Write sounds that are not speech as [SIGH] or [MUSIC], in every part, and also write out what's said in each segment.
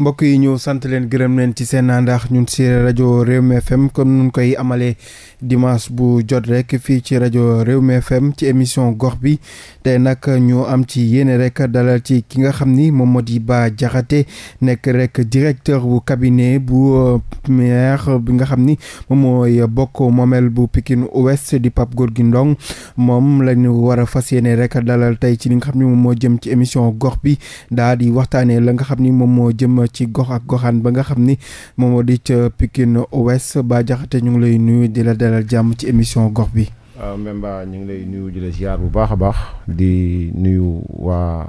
mbokk yi ñu sant leen gërëm leen ci seen ndax ñun si rajo Rewmi FM comme nun koy amalee dimanche bu jot rek fii ci rajo Rewmi FM ci émission gox bi te nag ñoo am ci yéene rek dalal ci ki nga xam ni moom moo di Bah Diakhaté nekk rek directeur bu cabinet bu euh, maire bi nga xam ni moom mooy bokk moomeel bu Pikine Ouest di Pape Gorgui Ndong moom la ñu war a fas yéene rek dalal tey ci li nga xam ni moom moo jëm ci émission gox bi daal di waxtaanee la nga xam ni moom moo jëm. ci gox ak goxaan ba nga xam ni moom moo di ca Pikine Ouest Bah Diakhaté ñu ngi lay nuyu di la dalal jàmm ci émission gox bi. waaw ah, même ba ñu ngi lay nuyu di la ziar bu baax a baax di nuyu waa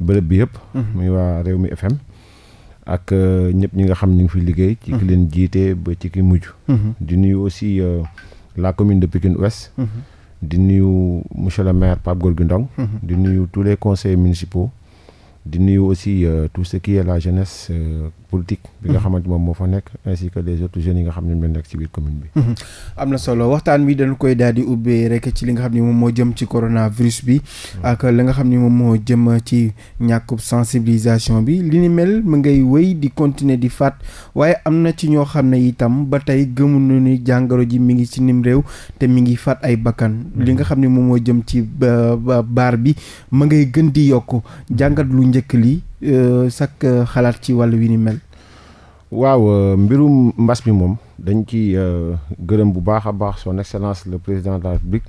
bërëb bi yëpp. Mhm. muy waa réew mi FM. ak euh, ñëpp ñi nga xam ñu ngi fi liggéey. ci ki mhm. leen jiite ba ci ki mujj. Mhm. di nuyu aussi euh, la commune de Pikine Ouest. di nuyu monsieur le maire Pape Gorgui di nuyu tous les conseils municipaux. di nuyu aussi euh, tout ce qui est la jeunesse euh, politique. nga mhm. xamante moom moo fa nekk ainsi que les autres jeunes yi nga xam ne mhm. solo waxtaan wi dañu koy daal di ubbee rek ci li nga xam ne moom moo jëm ci coronavirus bi. Mhm. ak li nga xam ne moom moo jëm ci ñàkkub sensibilisation bi li ni mel mu ngay wéy di continuer di faat waaye am na ci ñoo xam ne itam ba tey gëmuñu ni jàngoro ji mi ngi si nim réew te mi ngi faat ay bakkan. li nga xam ne moom moo jëm ci baar bi ma ngay gën di yokk jàngat lu njëkk lii euh, sak xalaat ci wàllu wi ni mel. waaw euh, mbirum mbas mi moom dañ ci euh, gërëm bu baax a baax son excellence le président de la république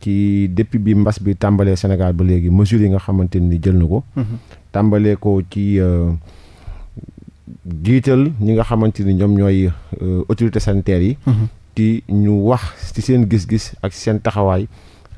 ci depuis bi mbas bi tàmbalee Sénégal ba léegi mesures yi nga xamante ni jël na ko. Mhm. tàmbalee ko ci jiital ñi nga xamante ni ñoom ñooy autorité sanitaires yi. ci mhm. ñu wax ci seen gis-gis ak seen taxawaay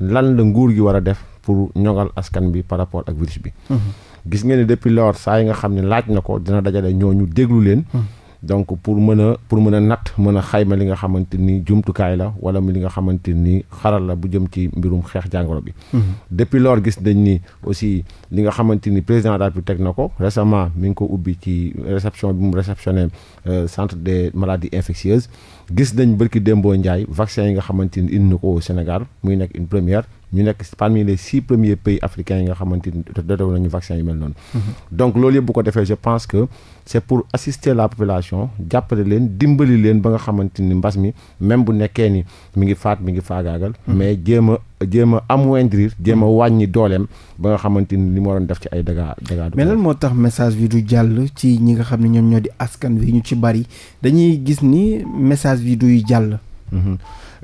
lan la nguur gi war a def pour ñoŋal askan bi par rapport ak virus bi. Mhm. gis ngeen ne depuis lors saa yi nga xam ne laaj na ko dina dajale ñoo ñu déglu leen. Hmm. donc pour mën a pour mën a natt mën a xayma li nga xamante ni jumtukaay la wala li nga xamante ni xaral la bu jëm ci mbirum xeex jàngoro bi. Hmm. depuis lors gis nañ ni aussi li nga xamante ni président daal bi teg na ko récemment mi ngi ko ubbi ci réception bi mu réceptionné euh, centre de maladies infectieuses gis nañ bërki démboo Ndiaye vaccin yi nga xamante ni indi na ko Sénégal muy nekk une première. ñu nekk parmi les six premiers pays africains yi nga xamante ni dotew nañu vaccin yu mel noonu mm-hmm. donc loolu yëpp ko defee je pense que c'est pour assister la population jàppale leen dimbali leen ba nga xamante ni mbas mi même bu nekkee ni mi ngi faat mi ngi faagaagal mm-hmm. mais jéem a jéem a amoindrir jéem a mm-hmm. wàññi dooleem ba nga xamante ni li mu waroon def ci ay dégâts dégâts mais lan moo tax message yi du jàll ci ñi nga xam ne ñoom ñoo di askan wi ñu ci bari dañuy gis ni message bi duy jàll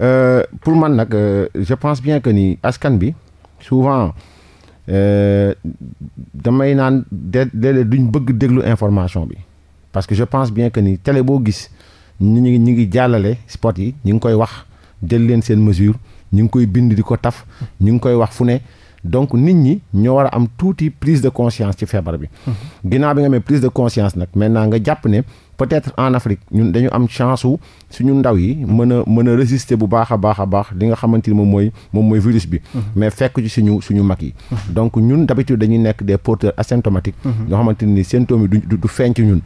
Euh, pour man nag euh, je pense bien que ni askan bi souvent euh, damay naan de duñ bëgg déglu information bi parce que je pense bien que ni télé boo gis ñu ngi ñu ngi jàllale spot yi ñu ngi koy wax jël leen seen mesure ñu ngi koy bind di ko taf ñu ngi koy wax fu ne donc nit ñi ñoo war a am tuuti prise de conscience ci feebar bi. Mhm. ginnaaw bi nga amee prise de conscience nag maintenant nga jàpp ne. peut-être en Afrique ñun dañu am chance su suñu ndaw yi mën a mën a résister bu baax a baax a baax li nga xamante ni moom mooy moom mooy virus bi. Mhm. mais fekk ci suñu suñu mag yi. Mhm. donc ñun d'habitude dañuy nekk des porteurs asymptomatiques. ñoo mhm. xamante ni symptômes yi du du feeñ ñun.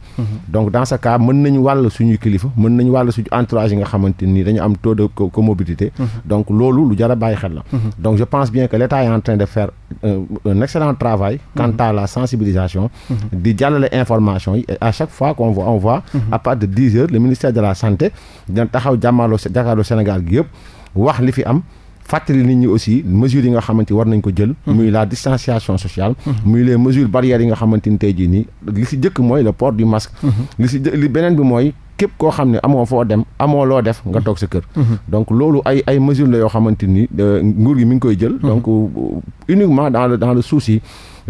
donc dans ce cas mën nañu wàll suñu kilifa mën nañu wàll suñu entourage yi nga xamante nii dañu am taux de comorbidité. donc loolu lu jar a bàyyi xel la. donc je pense bien que l'État est en train de faire un excellent travail. à la sensibilisation. di jàllale information yi à chaque fois qu'on voit on à partir de dix heures le ministère de la santé dina taxaw jàmmaarloo jàkkaarloo Sénégal gi yëpp wax li fi am fàttali nit ñi aussi mesures yi nga xamante war nañ ko jël muy la distanciation sociale muy les mesures barrières yi nga xamante ni tey jii nii li si jëkk mooy le port du masque li si li beneen bi mooy képp koo xam ne amoo foo dem amoo loo def nga toog sa kër donc loolu ay ay mesures la yoo xamante ni euh, nguur gi mi ngi koy jël donc euh, uniquement dans le dans le souci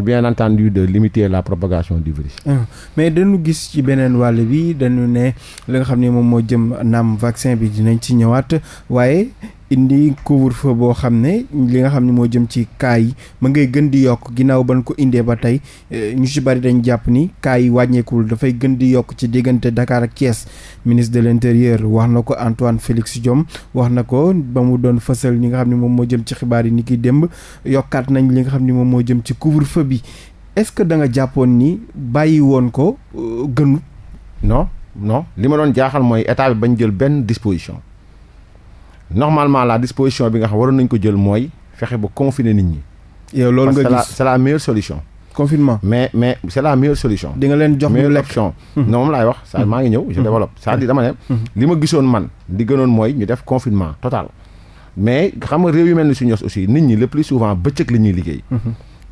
bien entendu de limiter la propagation du virus. Ah. mais dañu gis ci beneen wàll bi dañu ne li nga xam ni moom moo jëm naam vaccin bi dinañ ci ñëwaat waaye indi couvre-feu boo xam ne li nga xam ne moo jëm ci cas yi ma ngay gën di yokk ginnaaw ban ko indee ba tey eh, ñu ci bari dañ jàpp ni cas yi wàññeekul dafay gën di yokk ci diggante Dakar ak Thiès ministre de l'intérieur wax na ko Antoine Félix Diome wax na ko ba mu doon fësal li nga xam ne moom moo jëm ci xibaar yi nit ki démb yokkaat nañ li nga xam ni moom moo jëm ci couvre-feu bi est-ce que da nga jàppoon ni bàyyi woon ko euh, gënut no non li ma doon jaaxal mooy état bi jël benn disposition normalement la disposition bi nga xam waroon nañ ko jël mooy fexe ba confiner nit ñi. yow loolu nga gis c'est la meilleure solution. confinement mais mais c'est la meilleure solution. di nga leen jox meilleure lekk option. Hmm. non moom laay wax ça hmm. maa ngi ñëw je hmm. développe. c'est-à-dire dama ne. li ma gisoon man di gënoon mooy ñu def confinement total. mais xam nga réew yu mel ni suñu aussi nit ñi le plus souvent bëccëg la ñuy liggéey.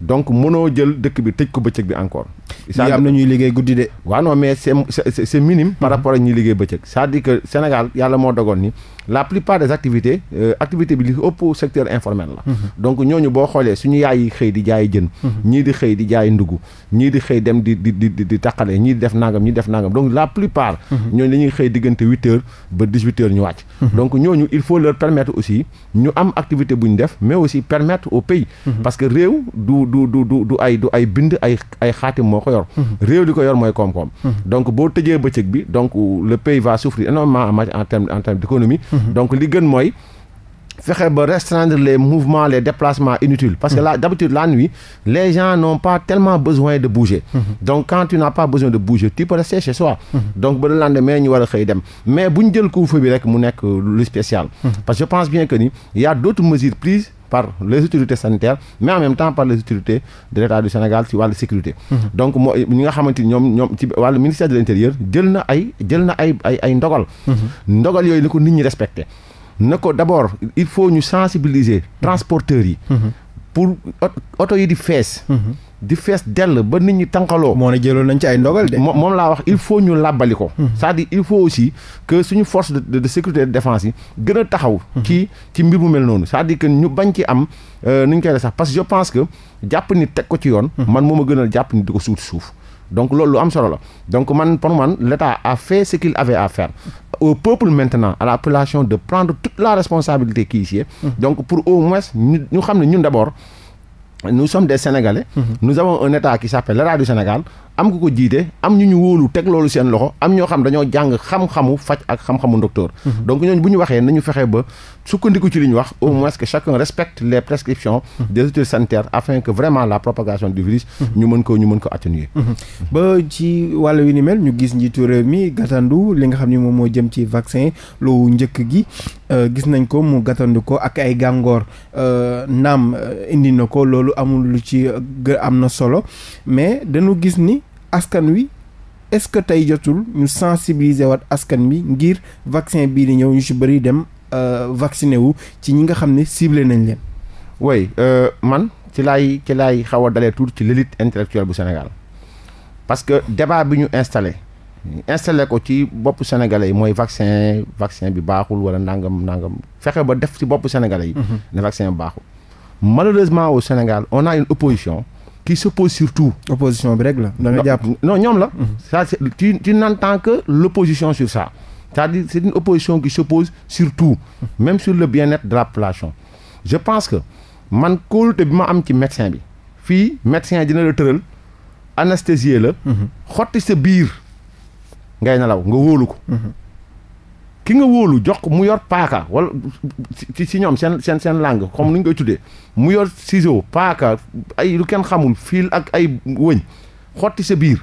donc mënoo jël dëkk bi tëj ko bëccëg bi encore. c'est-à-dire am na ñuy liggéey guddi de. waaw non mais c'est c'est minime. par rapport ak ñuy liggéey bëccëg. c'est-à-dire que Sénégal yàlla moo dogoon ni la plupart des activités euh, activité bi li ëpp secteur informel la mhm. ñoo ñu boo xoolee suñu yaay yi xëy di jaay jën mhm. ñii di xëy di jaay ndugg ñii di xëy dem di di di taqalee taqale ñii di def nangam ñii def nangam donc la plupart mhm. ñooñu dañuy xëy diggante huit heures ba dix huit ñu ñu wàcc donc ñooñu il faut leur permettre aussi ñu am activité bu ñu def mais aussi permettre au pays parce que réew du du du du du ay du ay bind ay ay xaatim moo ko yor réew li ko yor mooy koom donc boo tëjee bëccëg bi donc le pays va souffrir énormément en termes Mm-hmm. donc li gën mooy fexe ba restreindre les mouvements les déplacements inutiles parce que mm-hmm. là la nuit les gens n'ont pas tellement besoin de bouger mm-hmm. donc quand tu n'as pas besoin de bouger tu peux rester soi donc ba le lendemain ñu war a xëy dem mais bu jël couvre-feu bi rek mu nekk lu spécial parce je pense bien que ni il d'autres mesures prises par les autorités sanitaires mais en temps par les autorités de l' état du Sénégal ci wàllu sécurité. Mhm. donc moo ñi nga xamante ni ñoom ñoom ci wàllu ministère de l' jël na ay jël na ay ay ay ndogal. Mhm. ndogal yooyu la ko nit ñi respecté. na ko d' abord il faut ñu sensibiliser transporteurs yi. Mhm. pour oto yi di fees. di fees dell ba nit ñi tànqaloo. moo ne jëloon nañ ci ay ndogal de. moom laa wax il faut ñu làbbali ko. Hmm. c'est-à-dire il faut aussi que suñu force de de, de sécurité et de défense yi gën a taxaw. Hmm. ci ci mbir mu mel noonu cest di dire que ñu bañ ci am euh, nu ñu koy de sax parce que je pense que jàpp ni teg ko ci yoon. Hmm. man moo ma gënal jàpp ni di ko suut suuf. donc loolu lu am solo la donc man pour man l'État a fait ce qu'il avait à faire au peuple maintenant à la population de prendre toute la responsabilité qui y est pour au moins ñu ñu xam ne ñun d'abord. nous sommes de Sénégalais. Mmh. nous avons un État qui s'appelle l'État am ku ko jiite am ñu ñu wóolu teg loolu seen loxo am ñoo xam dañoo jàng xam-xamu faj ak xam-xamu docteur mhm. donc ñooñu bu ñu waxee nañu fexe ba sukkandiku ci li ñu wax au mhm. moins que chacun les prescriptions mhm. des autorités sanitaires afin que vraiment la propagation du virus ñu mën ko ñu mën ko atténuer ba ci wàll wi ni mel ñu gis njiitu réew mi gàttandu li nga xam ni moom moo jëm ci vaccin loowu njëkk gi euh, gis nañ ko mu gàttandu ko ak ay gàngoor euh, naam euh, indi askan wi est-ce que tey jotul ñu sensibiliser waat askan wi ngir vaccin bii di ñëw ñu ci bëri dem euh, vacciné wu ci ñi nga xam ne ciblé nañ leen. oui euh, man ci laay ci laay xaw a dalee tuuti ci l'élite intellectuelle bu Sénégal parce que débat bi ñu installé. installé ko ci bopp sénégalais yi mooy vaccin vaccin bi baaxul wala nangam nangam fexe ba def ci bopp sénégalais yi. Mm-hmm. ne vaccin bi baaxul. malheureusement au Sénégal on a une opposition qui s'oppose surtout. opposition bi rek la da jàpp no ñoom la. Mhm. ça c'est tu tu n'entends que l'opposition sur ça. c'est-à-dire c'est une opposition qui s'oppose surtout même sur le bien-être de la population. je pense que man kóolute bi ma am ci médecin bi fii médecin dina la tëral anesthésier la. Mhm. xotti sa biir ngay nelaw nga wóolu ko. Mhm. ki nga wóolu jox ko mu yor paaka wala ci ci ñoom seen seen seen langue comme ni ñu koy tuddee mu yor ciseau paaka ay lu kenn xamul fiil ak ay wëñ xotti sa biir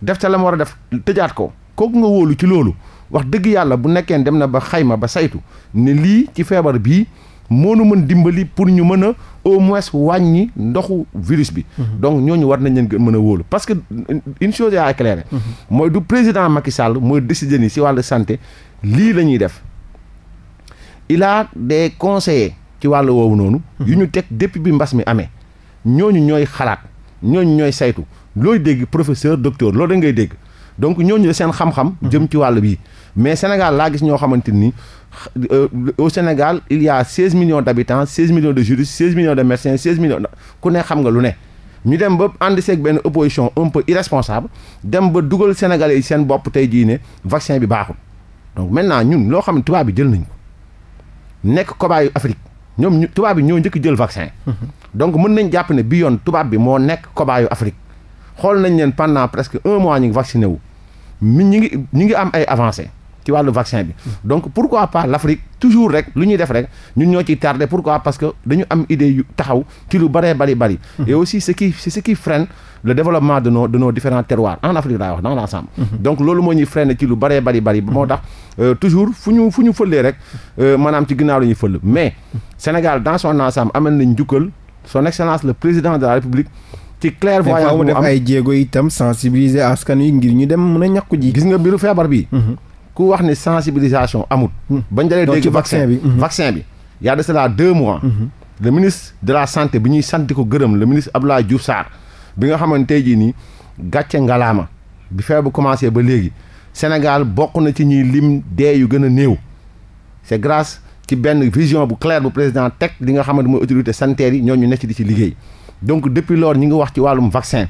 def ca la ma war a def tëjaat ko kooku nga wóolu ci loolu wax dëgg yàlla bu nekkee dem na ba xayma ba saytu ne lii ci feebar bii moo nu mën dimbali pour ñu mën a au moins wàññi ndoxu virus bi. Mhm. donc ñooñu war nañ leen gën mën a wóolu parce que une chose à éclairer. Mhm. mooy du président Macky Sall mooy décider ni si wàllu santé. lii la ñuy def il de conseiller ci wàllu woowu noonu. yu ñu teg depuis bi mbas mi amee. ñooñu ñooy xalaat ñooñu ñooy saytu looy dégg professeur docteur loolu da ngay dégg donc ñooñu la seen xam-xam. jëm ci wàll bi mais senegal laa gis ñoo xamante ni euh, au Sénégal il y a 16 millions d' habitants 16 millions de juristes 16 millions de médecins 16 ku ne xam nga lu ne. ñu dem ba ànd seeg benn opposition un peu irresponsable dem ba dugal sénégalais yi seen bopp tey jii ne vaccin bi baaxul. donc maintenant ñun loo xam ne tubaab bi jël nañu ko nekk kobaayu Afrique ñoom ñu tubaab bi ñoo njëkk jël vaccin. Mhm. donc mën nañ jàpp ne bi yoon tubaab bi moo nekk yu Afrique xool nañ leen pendant presque un mois ñu ngi vacciné wu. mi ñi ngi ñu ngi am ay avancé ci wàllu vaccin bi donc pourquoi pas l'Afrique toujours rek lu ñuy def rek ñun ñoo ciy tardé pourquoi parce que dañu am idée taxaw ci lu bëree bari bari et aussi ce ki c'est ce qui freine le développement de nos de nos différents terroirs en Afrique laay wax dans l'ensemble donc loolu moo ñuy freiner ci lu bëree bari bari moo tax euh, toujours fu ñu fu ñu fëlee rek euh, maanaam ci ginnaaw la ñuy fël mais Sénégal dans son ensemble amal nañ njukkal son excellence le président de la République ci clairvoyance mu def ay jéego itam sensibiliser askan wi ngir ñu dem mën a ñàkku ji gis nga biiru feebar bi mhm. ku wax ne sensibilisation amut. Hmm. bañ dalee dégg vaccin bi hmm. vaccin bi. y a de cela deux mois. Hmm. le ministre de la santé bi ñuy sant ko gërëm le ministre Abdoulaye Diouf saar bi nga xamante tey jii nii gàcce ngalaama bi feebar bu commencé ba léegi Sénégal bokk na ci ñuy lim dee yu gën a néew. c'est grâce ci benn vision bu claire bu président teg li nga xamante mooy autorité sanitaire yi ñoo ñu nekk di ci liggéey donc depuis lors ñi ngi wax ci wàllum vaccin.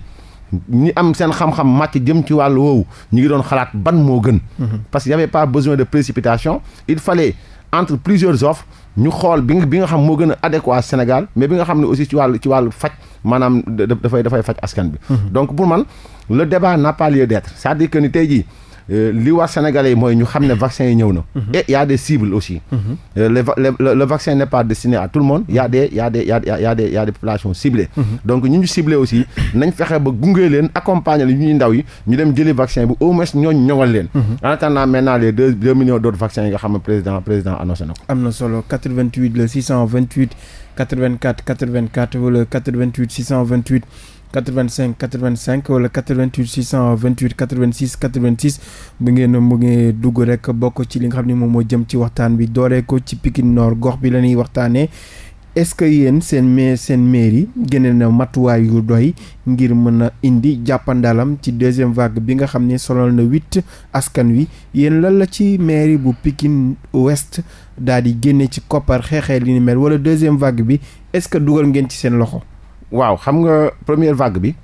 ñi am seen xam-xam màcc jëm ci wàllu woowu ñu ngi doon xalaat ban moo gën. Mhm. parce que y avait pas besoin de précipitation il fallait entre plusieurs offres ñu xool bi bi nga xam moo gën a adéquat Sénégal mais bi nga xam ne aussi ci wàllu ci wàllu faj maanaam dafay dafay faj askan bi. Mhm. donc pour man le débat n'a d'être cest dire que ni tey jii. Euh, li waa Sénégalais yi mooy ñu xam ne vaccin yi ñëw na. Mhm. et y a des cibles aussi. Mhm. Euh, le le le vaccin n'est pas destiné à tout le monde y a des y a des y a y a mhm. donc ñu ñu ciblé aussi nañ fexe ba gunge leen accompagner leen ñuy ndaw yi ñu dem jëli vaccin bi au moins ñooñu ñëwal leen. en attendant maintenant les deux deux millions d'autres vaccins yi nga xam ne président président annoncé na ko. am na solo 88 le 628 84 84 wala 88 628. 85 85 wala 88 628 86 86 bu ngeen mu ngi dugg rek bokk ci li nga xam ne moom moo jëm ci waxtaan bi dooree ci Pikine Nord gox bi la ñuy waxtaanee est-ce que yéen seen mais seen mairie génnee na matuwaay yu doy ngir mën a indi jàppandalam ci deuxième vague bi nga xam ne solal na huit askan wi yéen lan la ci mairie bu Pikine west daal di génne ci koppar xeexee li ni mel wala deuxième vague bi est-ce que dugal ngeen ci seen loxo waaw xam nga première vague bi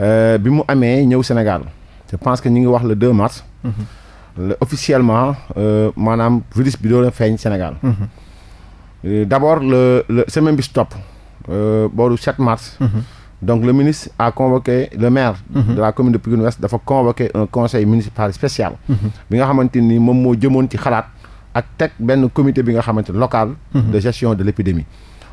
euh, bi mu amee ñëw Sénégal te pense que ñu ngi wax le 2 mars. Mm-hmm. Le, officiellement euh, maanaam virus bi doo feeñ Sénégal. Mm -hmm. euh, abord le le semaine bi stop euh, booru 7 mars. Mm -hmm. donc le ministre a convoqué le maire. Mm -hmm. de la commune de Pikine dafa convoqué un conseil municipal spécial. Mm-hmm. bi nga xamante ni moom moo jëmoon ci xalaat ak teg benn comité bi nga xamante local. Mm-hmm. de gestion de l'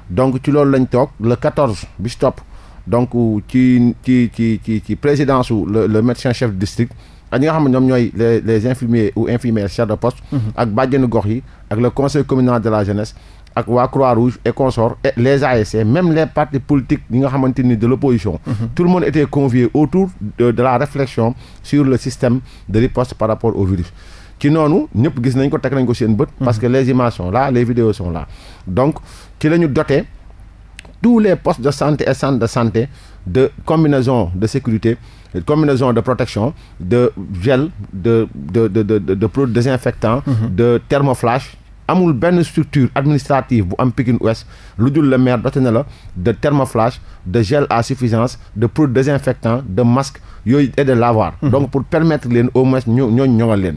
donc ci loolu lañ toog le 14 bi si topp donc ci ci ci ci ci présidence su le le médecin chef de district ak ñi nga xam ne ñoom ñooy les les infirmiers ou infirmières chefs de poste. Mm-hmm. ak gox yi ak le conseil communal de la jeunesse. ak waa Croix-Rouge et consorts et les ASC même les partis politiques yi nga xamante ni de l'opposition mm -hmm. tout le monde était convié autour de, la réflexion sur le système de riposte par rapport au virus ci noonu ñëpp gis nañ ko teg nañ ko seen bët mm-hmm. parce que les images sont là les vidéos sont là ci la ñu doté tous les postes de santé et centres de santé de combinaison de sécurité de combinaison de protection de gel de de de de de produits désinfectants. Mhm. de thermoflash. amul benn structure administrative bu am Pikine Ouest lu dul le maire doté na la de thermoflash de gel à suffisance de produits désinfectants de masques yooyu et de lavoir. Mhm. donc pour permettre leen au moins ñoo ñoo ñoŋal leen.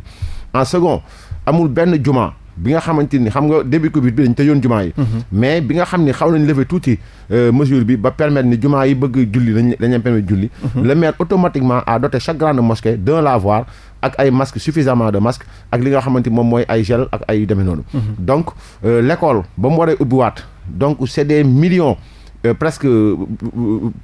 en second amul benn juma bi nga xamante ni xam nga début Covid bi dañ tëjoon jumaa yi mhm. mais bi nga xam ni xaw nañ lever tuuti euh, mesure bi ba permettre ni jumaa yi bëgg julli dañ dañ leen permettre julli mhm. le maire automatiquement a doté chaque grande mosquée d'un lavoir ak ay masque suffisamment de masque ak li nga xamante moom mooy ay gel ak ay demee noonu mhm. donc euh, l'école ba mu waree ubbiwaat donc c'est des millions Euh, presque euh,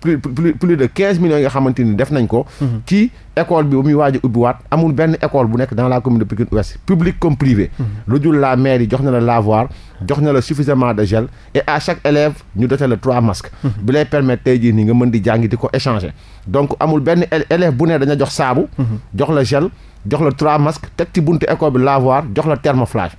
plus plus plus de quinze millions yi nga xamante ni def nañ ko. Mhm. ci école bi ba muy waaj a amul benn école bu nekk dans la commune de Pikine Ouest public comme privé. Mhm. lu dul la mairie yi jox na la lavoir mhm. jox na la suffisamment de gel et à chaque élève ñu doté la trois masques. bi lay permettre tey jii nii nga mën di jàngi di ko échanger donc amul benn élève bu nee daña jox saabu. jox la gel jox la trois masques teg ci buntu école bi lavoir jox la thermoflage.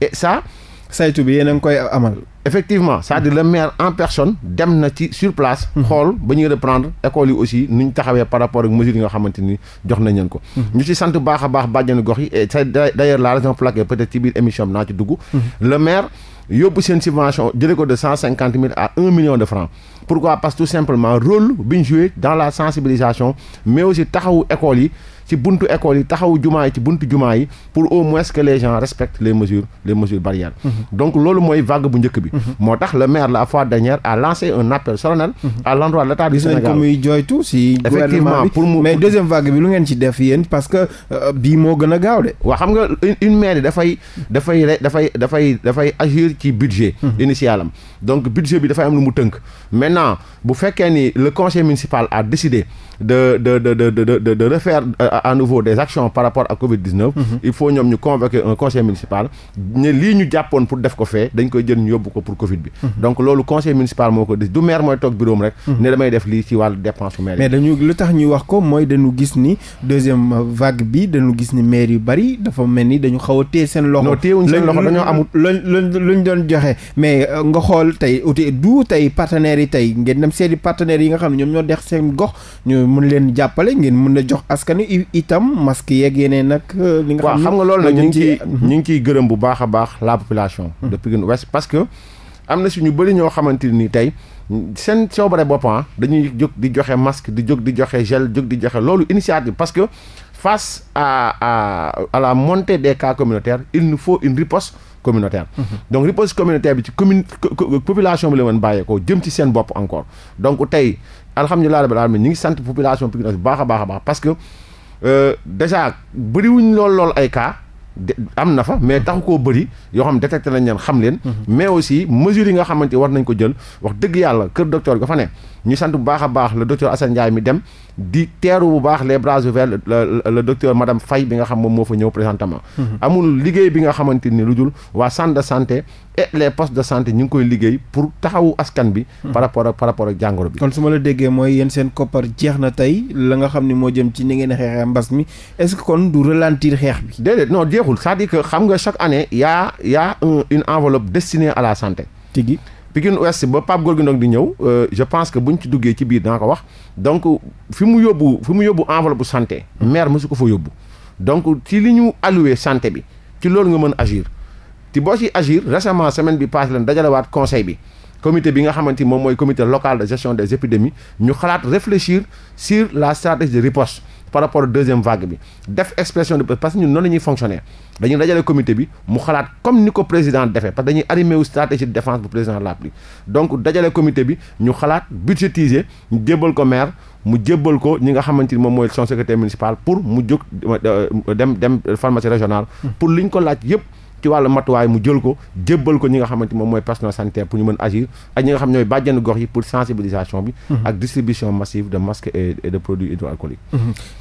et sa saytu bi yéen a ngi koy amal. effectivement c'est-à-dire le maire en personne dem na ci sur place. xool ba ñuy reprendre école yi aussi nu ñu taxawee par rapport ak mesures yi nga xamante ni jox nañ leen ko. Mhm. ñu ci sant baax a baax bàjjenu gox yi et c'est d'ailleurs la raison pour laquelle ci biir émission bi naa ci dugg. Mhm. le maire yóbbu seen subvention jëlee ko de cent cinquante mille à un million de francs. pourquoi parce que tout simplement rôle bi ñu joué dans la sensibilisation mais aussi taxawu école yi. ci buntu école yi taxaw jumaa yi ci buntu jumaa yi pour au moins que les gens respectent les mesures les mesures barrières mhm. donc loolu mooy vague bu njëkk bi mhm. moo tax le maire la fois dernière a lancé un appel solennel mhm. à l'endroit de l'état du Sénégal ko muy joytu si effectivement pour mu mais deuxième vague bi lu ngeen ci def yéen parce que euh, bii moo gën a gaaw de waaw xam nga une mairie dafay dafay dafay dafay dafay agir ci budget initial am donc budget bi dafay am lu mu tënk maintenant bu fekkee ni le conseil municipal a décidé de de de euh, à nouveau des actions par rapport à Covid 19. Mhm. il faut ñoom ñu convoquer un conseil municipal ne lii ñu jàppoon pour def ko fee dañ koy jël yóbbu ko pour Covid bi. Mhm. donc loolu conseil municipal moo ko dis du maire mooy toog bureau rek. Mhm. ne damay def lii ci wàllu dépense maire mais dañu lu tax ñuy wax ko mooy dañu gis ni deuxième vague bi dañu gis ni maire yu bari dafa mel ni dañu xaw a seen loxo. non téyewuñ seen loxo dañoo amul luñ luñ doon joxe mais euh, a jox yu itam masque yeeg yeneen nag. Euh, li nga xam xam nga loolu nag ñu ngi ciy ñu ngi ciy gërëm bu baax a baax la population. Mhm. de Pikine Ouest parce que am na su ñu bëri ñoo xamante nii tey seen coobare boppam ah, dañuy jóg di joxe masque di jóg di joxe gel jóg di joxe loolu initiative parce que face à à à la montée des cas communautaires il nous faut une riposte. communautaire mm -hmm. donc riposte communautaire bi ci commune population bi la woon bàyyeekoo jëm ci seen bopp encore donc tey alhamdulilah rabbil alamin ñu ngi sant population Pikine baax baax Euh, déjà bëriwuñ lool lool ay kaa de am na fa mais taxu koo bëri yoo xam détecté nañ leen xam leen. Mhm. mais aussi mesures yi nga xamante war nañ ko jël wax dëgg yàlla kër docteur ga fa ne ñu sant bu baax a baax le docteur Assane Ndiaye mi dem. di teeru bu baax les bras ouverts le docteur madame fay bi nga xam moom moo fa ñëw présentement. Mhm. amul liggéey bi nga xamante ni lu dul waa centre de santé et les postes de santé ñu ngi koy liggéey pour taxawu askan bi. Mhm. par rapport ak par rapport ak jàngoro bi. kon su ma la déggee mooy yéen seen koppar jeex na tey la nga xam ni moo jëm ci ni ngeen xeexee mbas mi est que kon du ralentir xeex bi. déedéet non jeexul c'est-à-dire que xam nga chaque année y a a une enveloppe destinée à la santé. tigi Pikine Ouest ba Pape Gorgui Ndong di ñëw euh, je pense que buñ ci duggee ci biir danga ko wax donc fi mu yóbbu fi mu yóbbu enveloppe santé maire mësu ko fa yóbbu donc ci li ñu alloué santé bi ci loolu nga mën agir ti boo ci agir récemment semaine bi passé leen dajalewaat conseil bi comité bi nga xamante ni moom mooy comité local de gestion des épidémies ñu xalaat réfléchir sur la stratégie de riposte par rapport au deuxième vague bi def expression de parce que noonu la ñuy fonctionner dañuy dajale comité bi mu xalaat comme ni ko président defee parce que dañuy animé wu stratégie de défense bu président de la donc dajale comité bi ñu xalaat budgétiser ñu jébbal ko maire mu jébbal ko ñi nga xamante ni moom mooy son secrétaire municipal pour mu jóg euh, dem dem pharmacie régionale hmm. pour li liñ ko laaj yëpp ci wàllu matuwaay mu jël ko jébbal ko ñi nga xamante moom mooy personnel sanitaire pour ñu mën agir ak ñi nga xam ñooy bàjjenu gox yi pour sensibilisation bi mhm. ak distribution massive de masques et de produits hydroalcooliques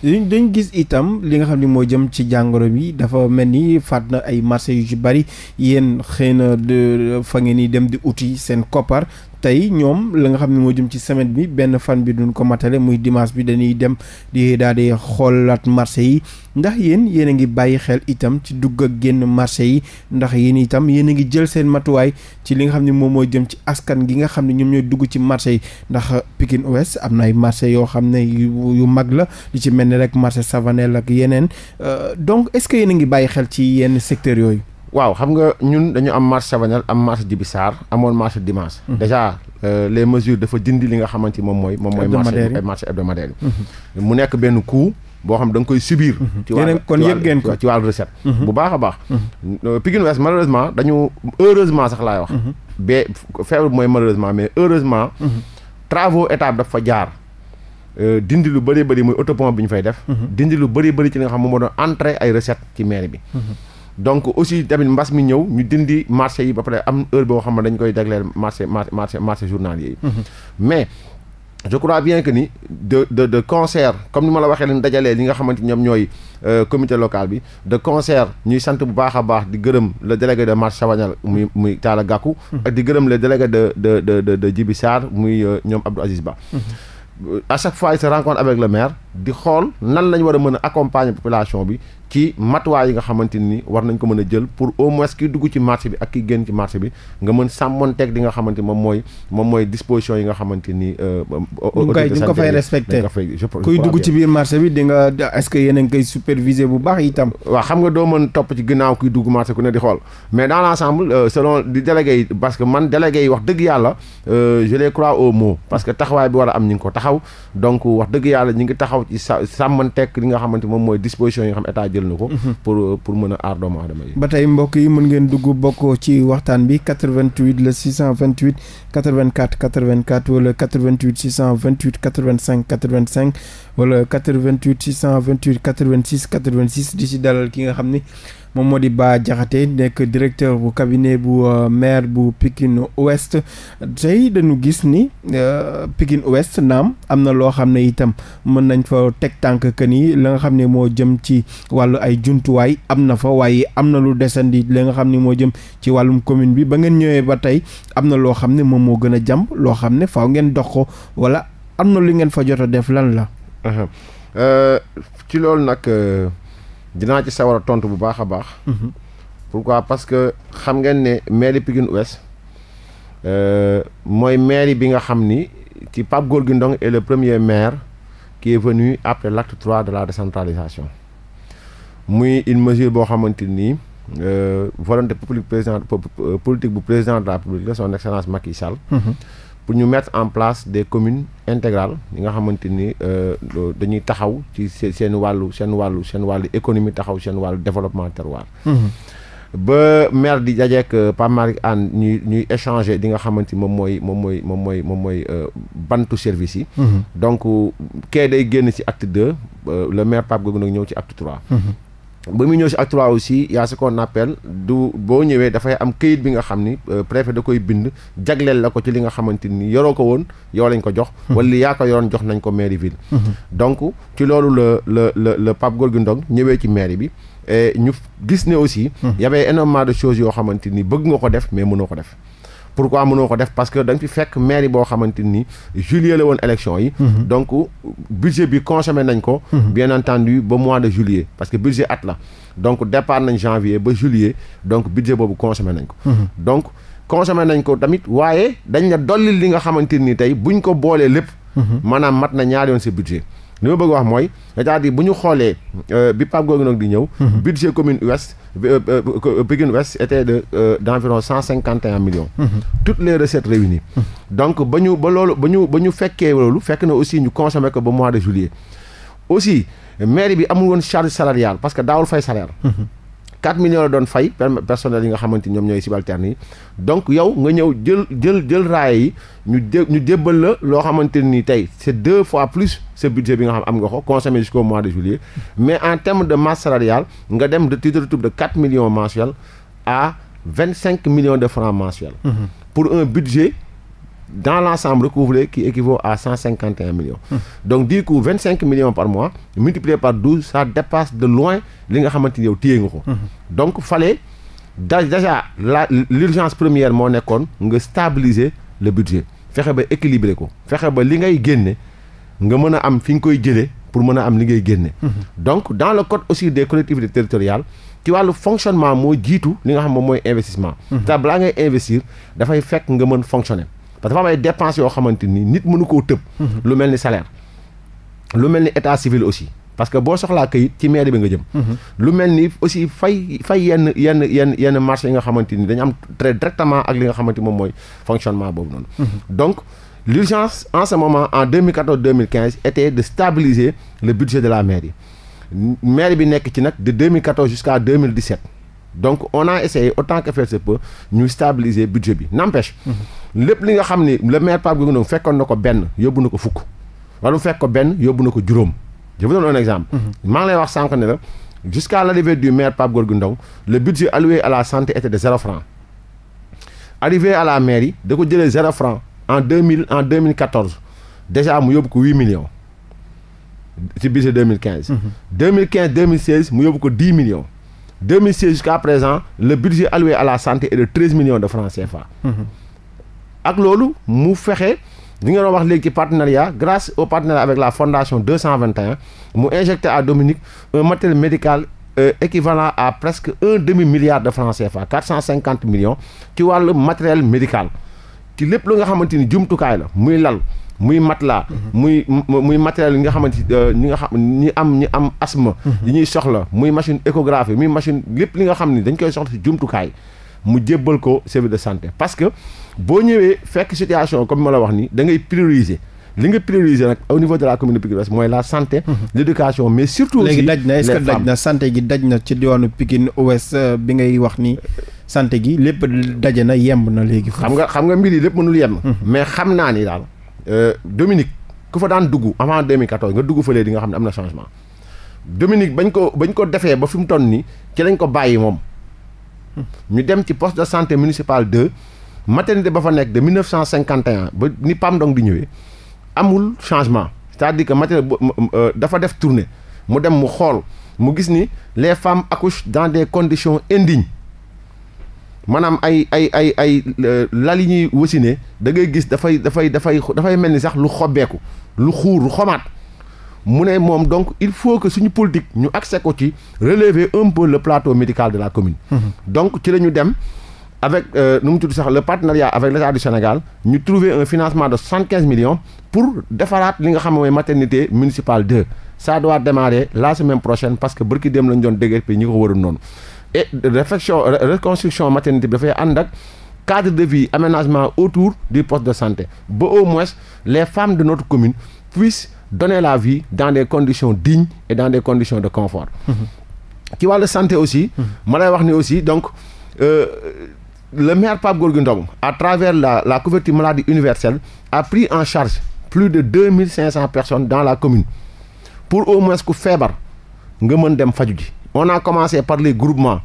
mhm. dañ gis itam li nga xam ne moo jëm ci jàngoro bi dafa mel ni faat na ay marché yu ci bari yéen xëy na de fa ngeen ni dem di uti seen koppar tey ñoom la nga xam ne moo jëm ci semaine bi benn fan bi duñ ko matale muy dimanche bi dañuy dem di daal di xoolaat marché yi ndax yéen yéen a ngi bàyyi xel itam ci dugg ak génn marché yi ndax yéen itam yéen a ngi jël seen matuwaay ci li nga xam ne moom moo jëm ci askan gi nga xam ne ñoom ñooy dugg ci marché yi ndax Pikine Ouest am na ay marché yoo xam ne yu mag la li ci mel ni rek marché Savanel ak yeneen euh, donc est-ce que yéen a ngi bàyyi xel ci yenn secteurs yooyu waaw xam nga ñun dañu am marche Chavanel am marche Dibisar amoon marche dimanche. Mhm. déjà euh, les mesures dafa dindi li nga xamante moom mooy. moom mooy marché marché hebdomadaire yi. Mhm. mu nekk benn coup boo xam da nga koy subir. Mhm. ci wàllu kon yëg ngeen ko ci wàllu recette. bu baax a baax. Euh, Pikine Ouest malheureusement dañu heureusement sax laay wax. ba feebar mooy malheureusement mais heureusement. travaux état fa jaar. Euh, dindi lu bëri bëri muy autopont bi ñu fay def. dindi lu bëri bëri ci li nga xam moom moo doon entrée ay recette ci mairie bi. donc aussi tamit mbas mi ñëw ñu dindi marché yi ba pare am heure boo xam ne dañ koy jagleel marché marché marché journalier yi mhm. mais je crois bien que ni de de de concert comme ni ma la waxee leen dajalee li nga xamante ñoom ñooy euh, comité local bi de concert ñuy sant bu baax a baax di gërëm le délégué de marché Chabagnal muy muy Talla Gakou ak mhm. di gërëm le délégué de de de de de muy euh, ñoom Abdou Aziz Ba mhm. euh, à chaque fois il se rencontre avec maire di xool nan lañ war a mën a accompagner population bi ci matuwaay yi nga xamante ni war nañ ko mën a jël pour au moins ki dugg ci marché bi ak ki génn ci marché bi nga mën sàmmonteeg di nga xamante moom mooy moom mooy disposition yi nga xamante ni. Euh, autorité sanitaire yi nga ko kuy dugg ci biir marché bi di nga est-ce que yéen koy superviser bu baax itam. waa xam nga doo mën topp ci ginnaaw kuy dugg marché ku ne di xool mais dans l'ensemble euh, selon di délégué yi parce que man délégué yi wax dëgg yàlla euh, je le crois au mot parce que taxawaay bi war a am ñu ko taxaw. donc wax dëgg yàlla ñi ngi taxaw ci sa sàmmanteeg li nga xamante moom mooy disposition yi nga xam état jël na ko mhm. pour pour mën a aar doomu aadama yi ba tey mbokk yi mën ngeen dugg bokk ci waxtaan bi 88 le 628 84 84 wala 88 628 85 85 wala 88 628 86 86 di ci dalal ki nga xam ni moom moo di baa Diakhaté nekk directeur bu cabinet bu euh, maire bu pekin Ouest tey dañu gis ni euh, Pikine Ouest naam am na loo xam ne itam mën nañ fa teg tànk que ni la nga xam ne moo jëm ci wàllu ay jumtuwaay am na fa waaye am na lu desandi la nga xam ne moo jëm ci wàllum commune bi ba ngeen ñëwee ba tey am na loo xam ne moom moo gën a jàmb loo xam ne faaw ngeen dox ko wala am na lu ngeen fa jot a def lan la. Euh, ci loolu nag euh, dinaa ci sawara a tontu bu baax a baax. Mhm. pourquoi parce que xam ngeen ne mairie Pikine Ouest euh, mooy mairie bi nga xam ni ci Pape Gorgui Ndong est le premier maire qui est venu après l'acte 3 de la décentralisation muy une mesure boo xamante nii volonté publique président politique bu président de la République la son excellence Macky Sall. Mhm. pour ñu mettre en place des communes intégrales yi nga xamante ni euh, dañuy taxaw ci seen wàllu seen wàllu seen wàllu économie taxaw seen wàllu développement terroir. Mhm. ba maire di dajeek euh, Pape Malick Anne ñuy ñuy échangé di nga xamante ni moom mooy moom mooy moom mooy moom mooy euh, bantu service yi. Mhm. donc kee day génn ci acte de le maire Pape googu nag ñëw ci acte trois. Mhm. ba mu ñëw si acte aussi yaa a ko qu'on du boo ñëwee dafay am kayit bi nga xam ni euh, préfet da koy bind jagleel la ko ci li nga xamante ni yoroo ko woon yow lañ ko jox. Hmm. wala yaa ko yoroon jox nañ ko mairie ville. Hmm. donc ci loolu la la la la Pape Gorgui ñëwee ci mairie bi. ñu gis ne aussi. Hmm. y avait énormément de choses yoo xamante ni bëgg nga ko def mais mënoo ko def. pourquoi mënoo ko def parce que da nga fi fekk mairie boo xamante ni juillet la woon élection yi. Mhm. donc budget bi consommé nañ ko. Mhm. bien entendu ba mois de juillet parce que budget at la donc départ nañ janvier ba juillet donc budget boobu consommé nañ ko. Mhm. donc consommé nañ ko tamit waaye dañ la dolli li nga xamante ni tey buñ ko boolee lépp. maanaam mat na ñaari yoon sa budget. li ma bëgg wax mooy c'est-à-dire bu ñu xoolee euh, bi Pape Gorgui Ndong di ñëw mhm. budget commune ouest euh, euh, Pikine ouest était de d'environ cent cinquante et million millions mhm. toutes les recettes réunies mhm. donc ba ñu ba loolu ba ñu ba ñu fekkee loolu fekk na aussi ñu consommé ko ba mois de juillet aussi maire bi amul woon charge salariale parce que daawul fay salaire 4 millions la doon fay personnel yi nga xamante ni ñoom ñooy subalterne yi donc yow nga ñëw jël jël jël raaya yi ñu ñu jébbal la loo xamante ni tey c'est deux fois plus ce budget bi nga xam am nga ko consommé jusqu'au mois de juillet mais en terme de masse salariale nga dem de titre de 4 millions mensuels à 25 millions de francs mensuels. Mm-hmm. pour un budget dans l'ensemble recouvré qui équivaut à 151 millions. Mmh. donc du coup 25 millions par mois multiplié par 12 ça dépasse de loin li nga xamante ni yow téye nga ko. donc fallait da déjà la l'urgence première moo nekkoon nga stabiliser le budget fexe ba équilibrer ko fexe ba li ngay génne nga mën a am fi nga koy jëlee pour mën a am li ngay génne. donc dans le code aussi des collectivités territoriales. ci wàllu moo jiitu li nga xam moom mooy investissement. te balaa ngay investir dafay fekk nga mën fonctionner. parce que dafa am ay yoo xamante ni nit mënu koo tëb. Mhm. lu mel ni salaire. lu mel ni état civil aussi. parce que boo soxlaa kayit ci mairie bi nga jëm. Mhm. lu mel ni aussi fay fay yenn yenn yenn yenn marché yi nga xamante ni dañu am très directement ak li nga xamante moom mooy fonctionnement boobu noonu. Mhm. donc l'urgence en ce moment en 2014 2015 était de stabiliser le budget de la mairie mairie bi nekk ci nag de 2014 jusqu'à 2017. donc on a essayé autant que faire se peut ñu stabiliser budget bi n'empêche mhm. lépp li nga xam ni le maire Pape Gouguenou fekkoon na ko benn yóbbu na ko fukk wala mu fekk ko benn yóbbu na ko juróom je vous donne exemple mhm. maa ngi lay wax sànq ne la jusqu'à l'arrivée du maire Pape Gorgui Ndong le budget alloué à la santé était de zéro franc arrivé à la mairie da ko jëlee zéro franc en deux mille en deux mille quatorze déjà mu yóbbu ko huit millions ci budget deux mille quinze mhm. deux mille quinze mu yóbbu ko dix millions 2016 jusqu'à présent le budget alloué à la santé est de 13 millions de francs CFA. Mm-hmm. ak loolu mu fexe li nga doon wax léegi ci partenariat grâce au partenariat avec la fondation 221 mu injecté à Dominique un matériel médical euh, équivalent à presque un demi milliard de francs CFA 450 millions ci wàllu matériel médical ci lépp lu nga xamante ni jumtukaay la muy lal. muy matelas muy muy matériel yi nga xamante euh, ñi nga xam ni am ñi am asthme yi ñuy soxla muy machine échographie muy machine lépp li nga xam ni dañ koy soxla si jumtukaay mu jébbal ko service de santé parce que boo ñëwee fekk situation comme ma la wax nii da ngay prioriser li nga prioriser nag au niveau de la commune de Pikine mooy la santé mhm. l' mais surtout léegi daj na est na santé gi daj na ci diwaanu Pikine Ouest euh, bi ngay wax ni santé gi lépp daje na yemb na léegi xam nga xam nga mbir yi lépp mënul yemb mhm. mais xam naa ni daal Euh, Dominique ku fa daan dugg avant 2014 nga dugg fële di nga xam ne am na changement Dominique bañ ko bañ ko defee ba fi mu toll nii ci lañ ko bàyyi moom. ñu dem ci poste de santé municipal 2 maternité ba fa nekk de 1951 ba ni PAM Ndong di ñëwee amul changement c'est-à-dire que maternité euh, dafa def tournée mu dem mu xool mu gis ni les femmes accouche dans des conditions indignes. maanaam ay ay ay ay euh, lal yi ñuy wasine da ngay gis dafay dafay dafay dafay mel ni sax lu xobbeeku lu xuur lu xomaat mu ne moom donc il faut que suñu politique ñu accès ko ci relever un peu le plateau médical de la commune mmh. ci la ñu dem avec euh, nu mu tudd sax le partenaria avec l' état du Sénégal ñu trouver un financement de cent quinze millions pour defaraat li nga xam mooy maternité municipale de ça doit démarrer la semaine prochaine parce que bërki dem lañ doon déguerpi ñi ko waroon et réflexion reconstruction maternité bi dafay ànd ak cadre de vie aménagement autour du poste de santé ba au moins les femmes de notre commune puissent donner la vie dans des conditions dignes et dans des conditions de confort mm-hmm. ci wàllu santé aussi mm-hmm. ma lay wax ni aussi donc euh, le maire Pape Gorgui Ndong à travers la la couverture maladie universelle à pris en charge plus de deux mille cinq cent personnes dans la commune pour au moins ku feebar nga mën dem faju ji on a commencé par les groupements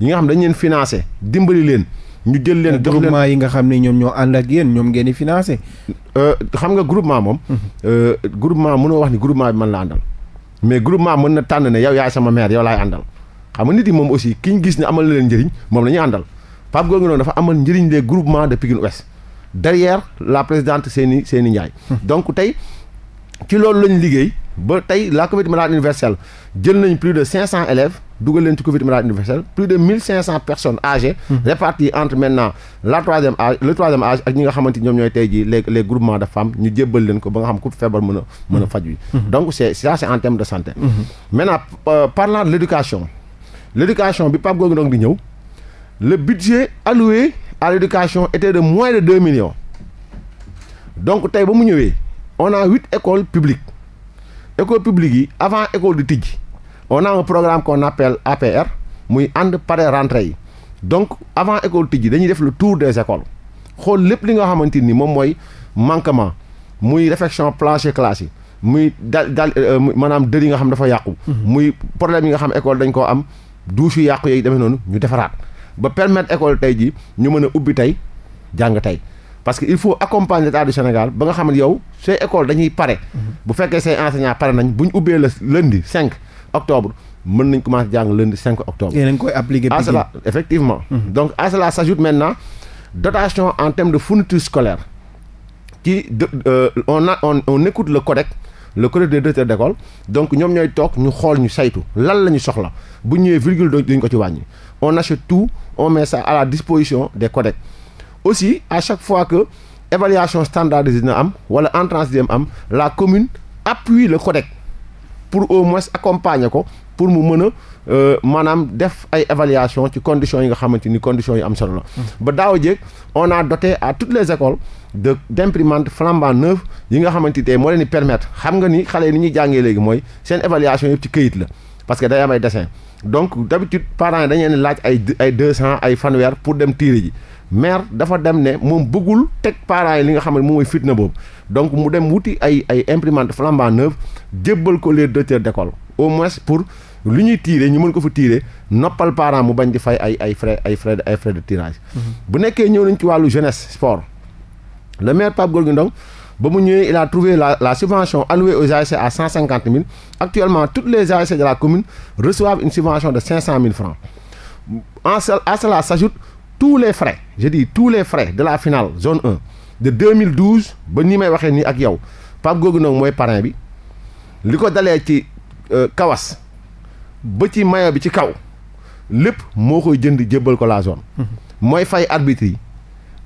yi nga xam ne dañ leen financé dimbali leen ñu jël leen jox groupement yi nga xam ne ñoom ñoo ànd ak ñoom ngeen di financé euh, xam nga groupement moom mhm. euh, groupement mënoo wax ni groupement bi mën la àndal mais groupement mën na tànn ne yow yaay sama maire yow laay àndal xam nga nit yi moom aussi ki gis ne amal na leen njëriñ moom la ñuy àndal Pape Gorgui Ndong dafa amal njëriñ les groupements de Pikine Ouest derrière la présidente Seyni Seyni Ndiaye mhm. ci loolu lañ liggéey ba tey la couverture maladie universelle jël nañ plus de 500 élèves dugal leen ci couverture maladie universelle plus de 1500 personnes âgées. réparties entre maintenant la troisième âge le troisième âge ak ñi nga xamante ñoom ñooy tey jii les les groupements de femmes ñu jébbal leen ko ba nga xam ku feebar mën a mën a faju donc c' est ça en terme de santé. maintenant euh, parlant de l' éducation l' bi Pape Gorgui Ndong di ñëw le budget alloué à l' éducation était de de 2 donc tey ba mu ñëwee. on a huit écoles publiques écoles publiques yi avant école di tijji on a un programme qu'on appelle APR muy ànd pare rentrée yi donc avant école tijji dañuy def le tour des écoles xool lépp li nga xamante ni moom mooy manquement muy réfection plancher classe yi muy dal dal euh, euh, maanaam dër yi nga xam dafa yàqu. Mhm. muy problème yi nga xam école dañ koo am douche yu yàqu yooyu demee noonu ñu defaraat ba permettre école tey ji ñu mën a ubbi tey jàng tey. parce que il faut accompagner l'état du Sénégal ba nga xam ne yow say école dañuy pare. Mhm. bu fekkee say enseignants pare nañ buñ ñu ubbee la lundi 5 octobre mën nañ commencé jàng lundi 5 octobre. yéen a ngi koy appliquer. à cela effectivement. Mhm. donc à cela s'ajoute maintenant dotation en termes de fourniture scolaire qui euh, on a on on écoute le CODEC. le de des directeurs d'école donc ñoom ñooy toog ñu xool ñu saytu lan la ñu soxla bu ñëwee virgule duñ ko ci wàññi on achète tout on met ça à la disposition des CODEC. aussi à chaque fois que évaluation standardisée dina am wala entrance am la commune appuie le CODEC pour au moins accompagner ko pour mu mën a euh, maanaam def ay évaluation ci conditions yi nga xamante ni conditions yi am solo la. Hmm. ba daaw jéeg on a doté à toutes les écoles de d' imprimantes flambant yi nga xamante ni moo leen di permettre xam nga ni xale yi ni ñuy jàngee léegi mooy seen évaluation yëpp ci këyit la parce que day am ay dessin donc d' habitude parents yi dañu laaj ay ay deux cent ay fanweer pour dem tiire maire dafa dem ne moom bëggul teg parents yi li nga xam ne moom mooy fitna boobu donc mu dem wuti ay ay imprimante flambant neuve jébbal ko les directeurs d'école au mois pour lu ñuy tiire ñu mën ko fa tiire noppal parent mu bañ di fay ay ay frais ay frais ay frais de tirage. Mhm. bu nekkee ñëw nañ ci wàllu jeunesse sport le maire Pape Gorgui Ndong ba mu ñëwee il a trouvé la la subvention allouée aux ASC à cent cinquante mille actuellement toutes les ASC commune reçoivent une de cinq cent mille francs en à cela s'ajoute tous les frais je dis tous les frais de la finale zone 1 de 2012 ba ni may waxee ni ak yow Pape googu Ndong mooy parrain bi li ko dalee ci euh, kawas ba ci maillot bi ci kaw lépp moo koy jënd jébbal ko la zone. Mhm. mooy fay arbitre yi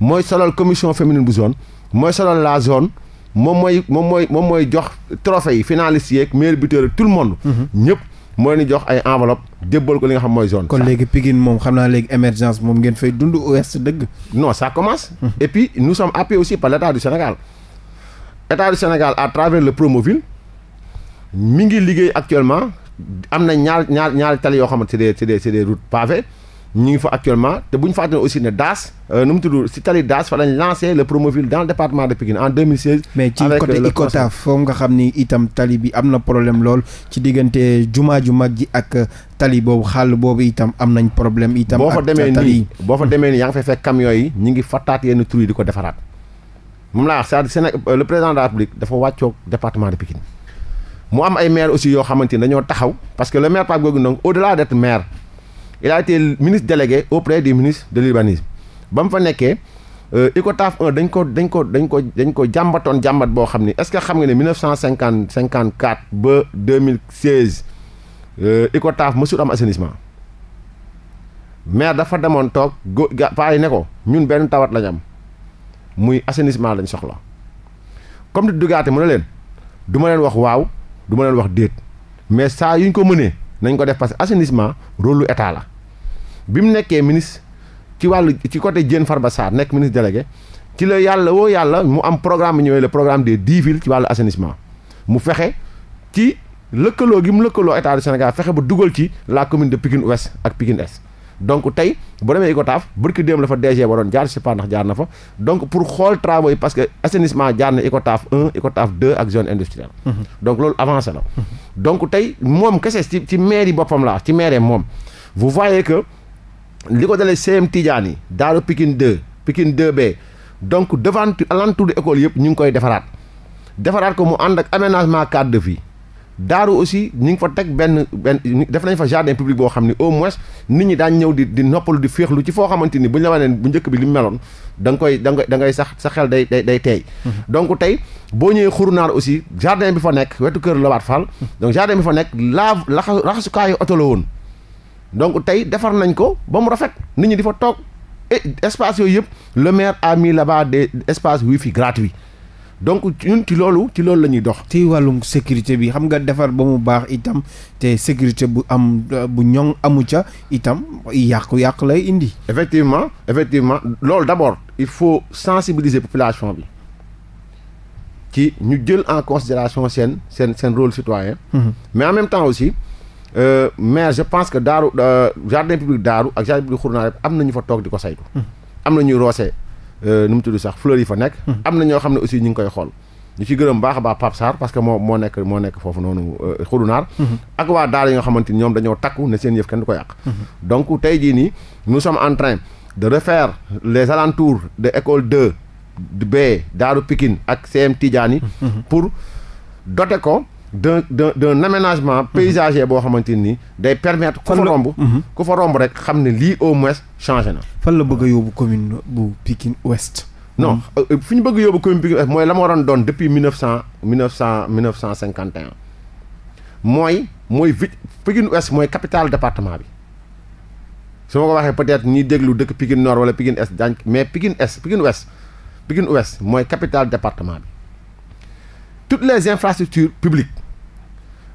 mooy solal commission féminine bu zone mooy solal la zone. moom mooy moom mooy jox trophée yi finalistes yeeg meilleur buteur tout le monde. Mhm. ñëpp. moo leen di jox ay enveloppe jébbal ko li nga xam mooy zone. kon léegi Pikine moom xam naa léegi émergence moom ngeen fay dund ouest dëgg. non ça commence. [LAUGHS] et puis nous sommes appuyés aussi par l' état du Sénégal état du Sénégal à travers le Promoville mi ngi liggéey actuellement am na ñaar ñaar ñaari tali yoo xamante ne c' est des c' est des ñu ngi fa actuellement te bu ñu fàttali aussi ne DAS euh, nu mu tudd si tali DAS fa lañ lancé le Promoville dans le département de Pikine en 2016. mais ci côté euh, Icotaf foofu nga xam ni itam tali bi am na problème lool ci diggante jumaa ju mag ji ak tali boobu xàll boobu itam am nañ problème. itam ak ca tali yi boo fa demee nii boo fa demee nii yaa ngi fay fekk camions yi ñu ngi fattaat yenn tur yi di ko defaraat moom laa wax c'est-à-dire euh, dafa wàccoog département de Pikine mu am ay maire aussi yoo xamante ni dañoo taxaw parce que le maire il a été ministre délégué auprès du ministre de l'urbanisme ba mu fa nekkee euh, ICOTAF 1 dañ ko dañ ko dañ ko dañ ko jàmbatoon jàmbat boo xam ni est-ce que xam nga ne 1950 54 ba 2016 euh, ICOTAF mësul am assainissement maire dafa demoon toog go paa yi ne ko ñun benn tawat lañ am muy assainissement lañ soxla comme di dugaate mu ne leen du ma leen wax waaw du ma leen wax déet mais saa yuñ ko mënee. nañ ko def parce que assainissement rôle état la bi mu nekkee ministre ci wàllu ci côté Diène ba Sarr nekk ministre délégué ci la yàlla woo yàlla mu am programme bi ñëwee le programme des dix villes ci wàllu assainissement mu fexe ci lëkkaloo gi mu lëkkaloo état du fexe ba dugal ci la commune de Pikine Ouest ak Pikine Est donc tey bu demee Icotaf burki démb la fa DG waroon jaar je sais jaar na fa donc pour xool travaux yi parce que assainissement jaar na Icotaf 1 Icotaf 2 ak zone industrielle. Mhm. donc loolu avancé la. Mhm. donc tey moom kese ci ci maire yi boppam la ci maire moom vous voyez que li ko dalee CM Tidiane yi Daaru Pikine 2 Pikine 2B donc devant alentour de école yëpp ñu ngi koy defaraat defaraat ko mu ànd ak aménagement cadre fii daaru aussi ñu ngi fa teg benn benn def nañ fa jardin public boo xam ni au moins nit ñi daañ ñëw di di noppalu di féexlu ci foo xamante ni bu ñu bu njëkk bi limu mu meloon da koy da nga da ngay sax sa xel day day day teey mhm. donc tey boo ñëwee xurunaar aussi jardin bi fa nekk wetu kër Lobaat Fall donc jardin bi fa nekk laa raxasukaayu oto la woon donc tey defar nañ ko ba mu rafet nit ñi di fa toog espace yooyu yëpp le maire a mis là-bas des fi wifi gratuits donc ñun ci loolu ci loolu la ñuy dox. ci wàllum sécurité bi xam nga defar ba mu baax itam te sécurité bu am bu ñoŋ amu ca itam yàqu-yàqu lay indi. effectivement effectivement loolu d'abord il faut sensibiliser population bi ci ñu jël en considération seen seen seen rôle citoyen mhm. mais en même temps aussi euh, mais je pense que daaru euh, jardin public daaru ak jardin public Xurnaare am na ñu fa toog di ko saytu. Mhm. am na ñuy roose. Euh, nu mu tudd sax fleurs yi fa nekk. Mhm. am na ñoo xam ne aussi ñu ngi koy xool. ñu ci gërëm baax a baax Pape Sarr parce que moo moo nekk moo nekk foofu noonu xudunaar euh, mhm. ak waa daara yi nga xamante ni ñoom dañoo takku ne seen yëf kenn du ko yàq. Mhm. donc tey jii nii nous sommes en train de refaire les alentours de école 2 B Daaru Pikine ak CM Tidiane yi pour dote ko. d'un d'un d'un aménagement mhm. paysager boo xamante ni day permettre ku fa romb mhm. ku fa romb rek xam ne lii au moins changé na fan la bëgg yóbbu commune bu Pikine Ouest non mhm. euh, euh, fi ñu bëgg yóbbu commune Pikine Ouest mooy la ma waroon doon depuis mille cent mille neuf cent mille neuf cent mooy mooy vi Pikine Ouest mooy capitale département bi su ma ko waxee peut-être ñiy déglu dëkk Pikine Nord wala Pikine Est daañ mais Pikine Est Pikine Ouest Pikine Ouest mooy capitale département bi toutes les infrastructures publiques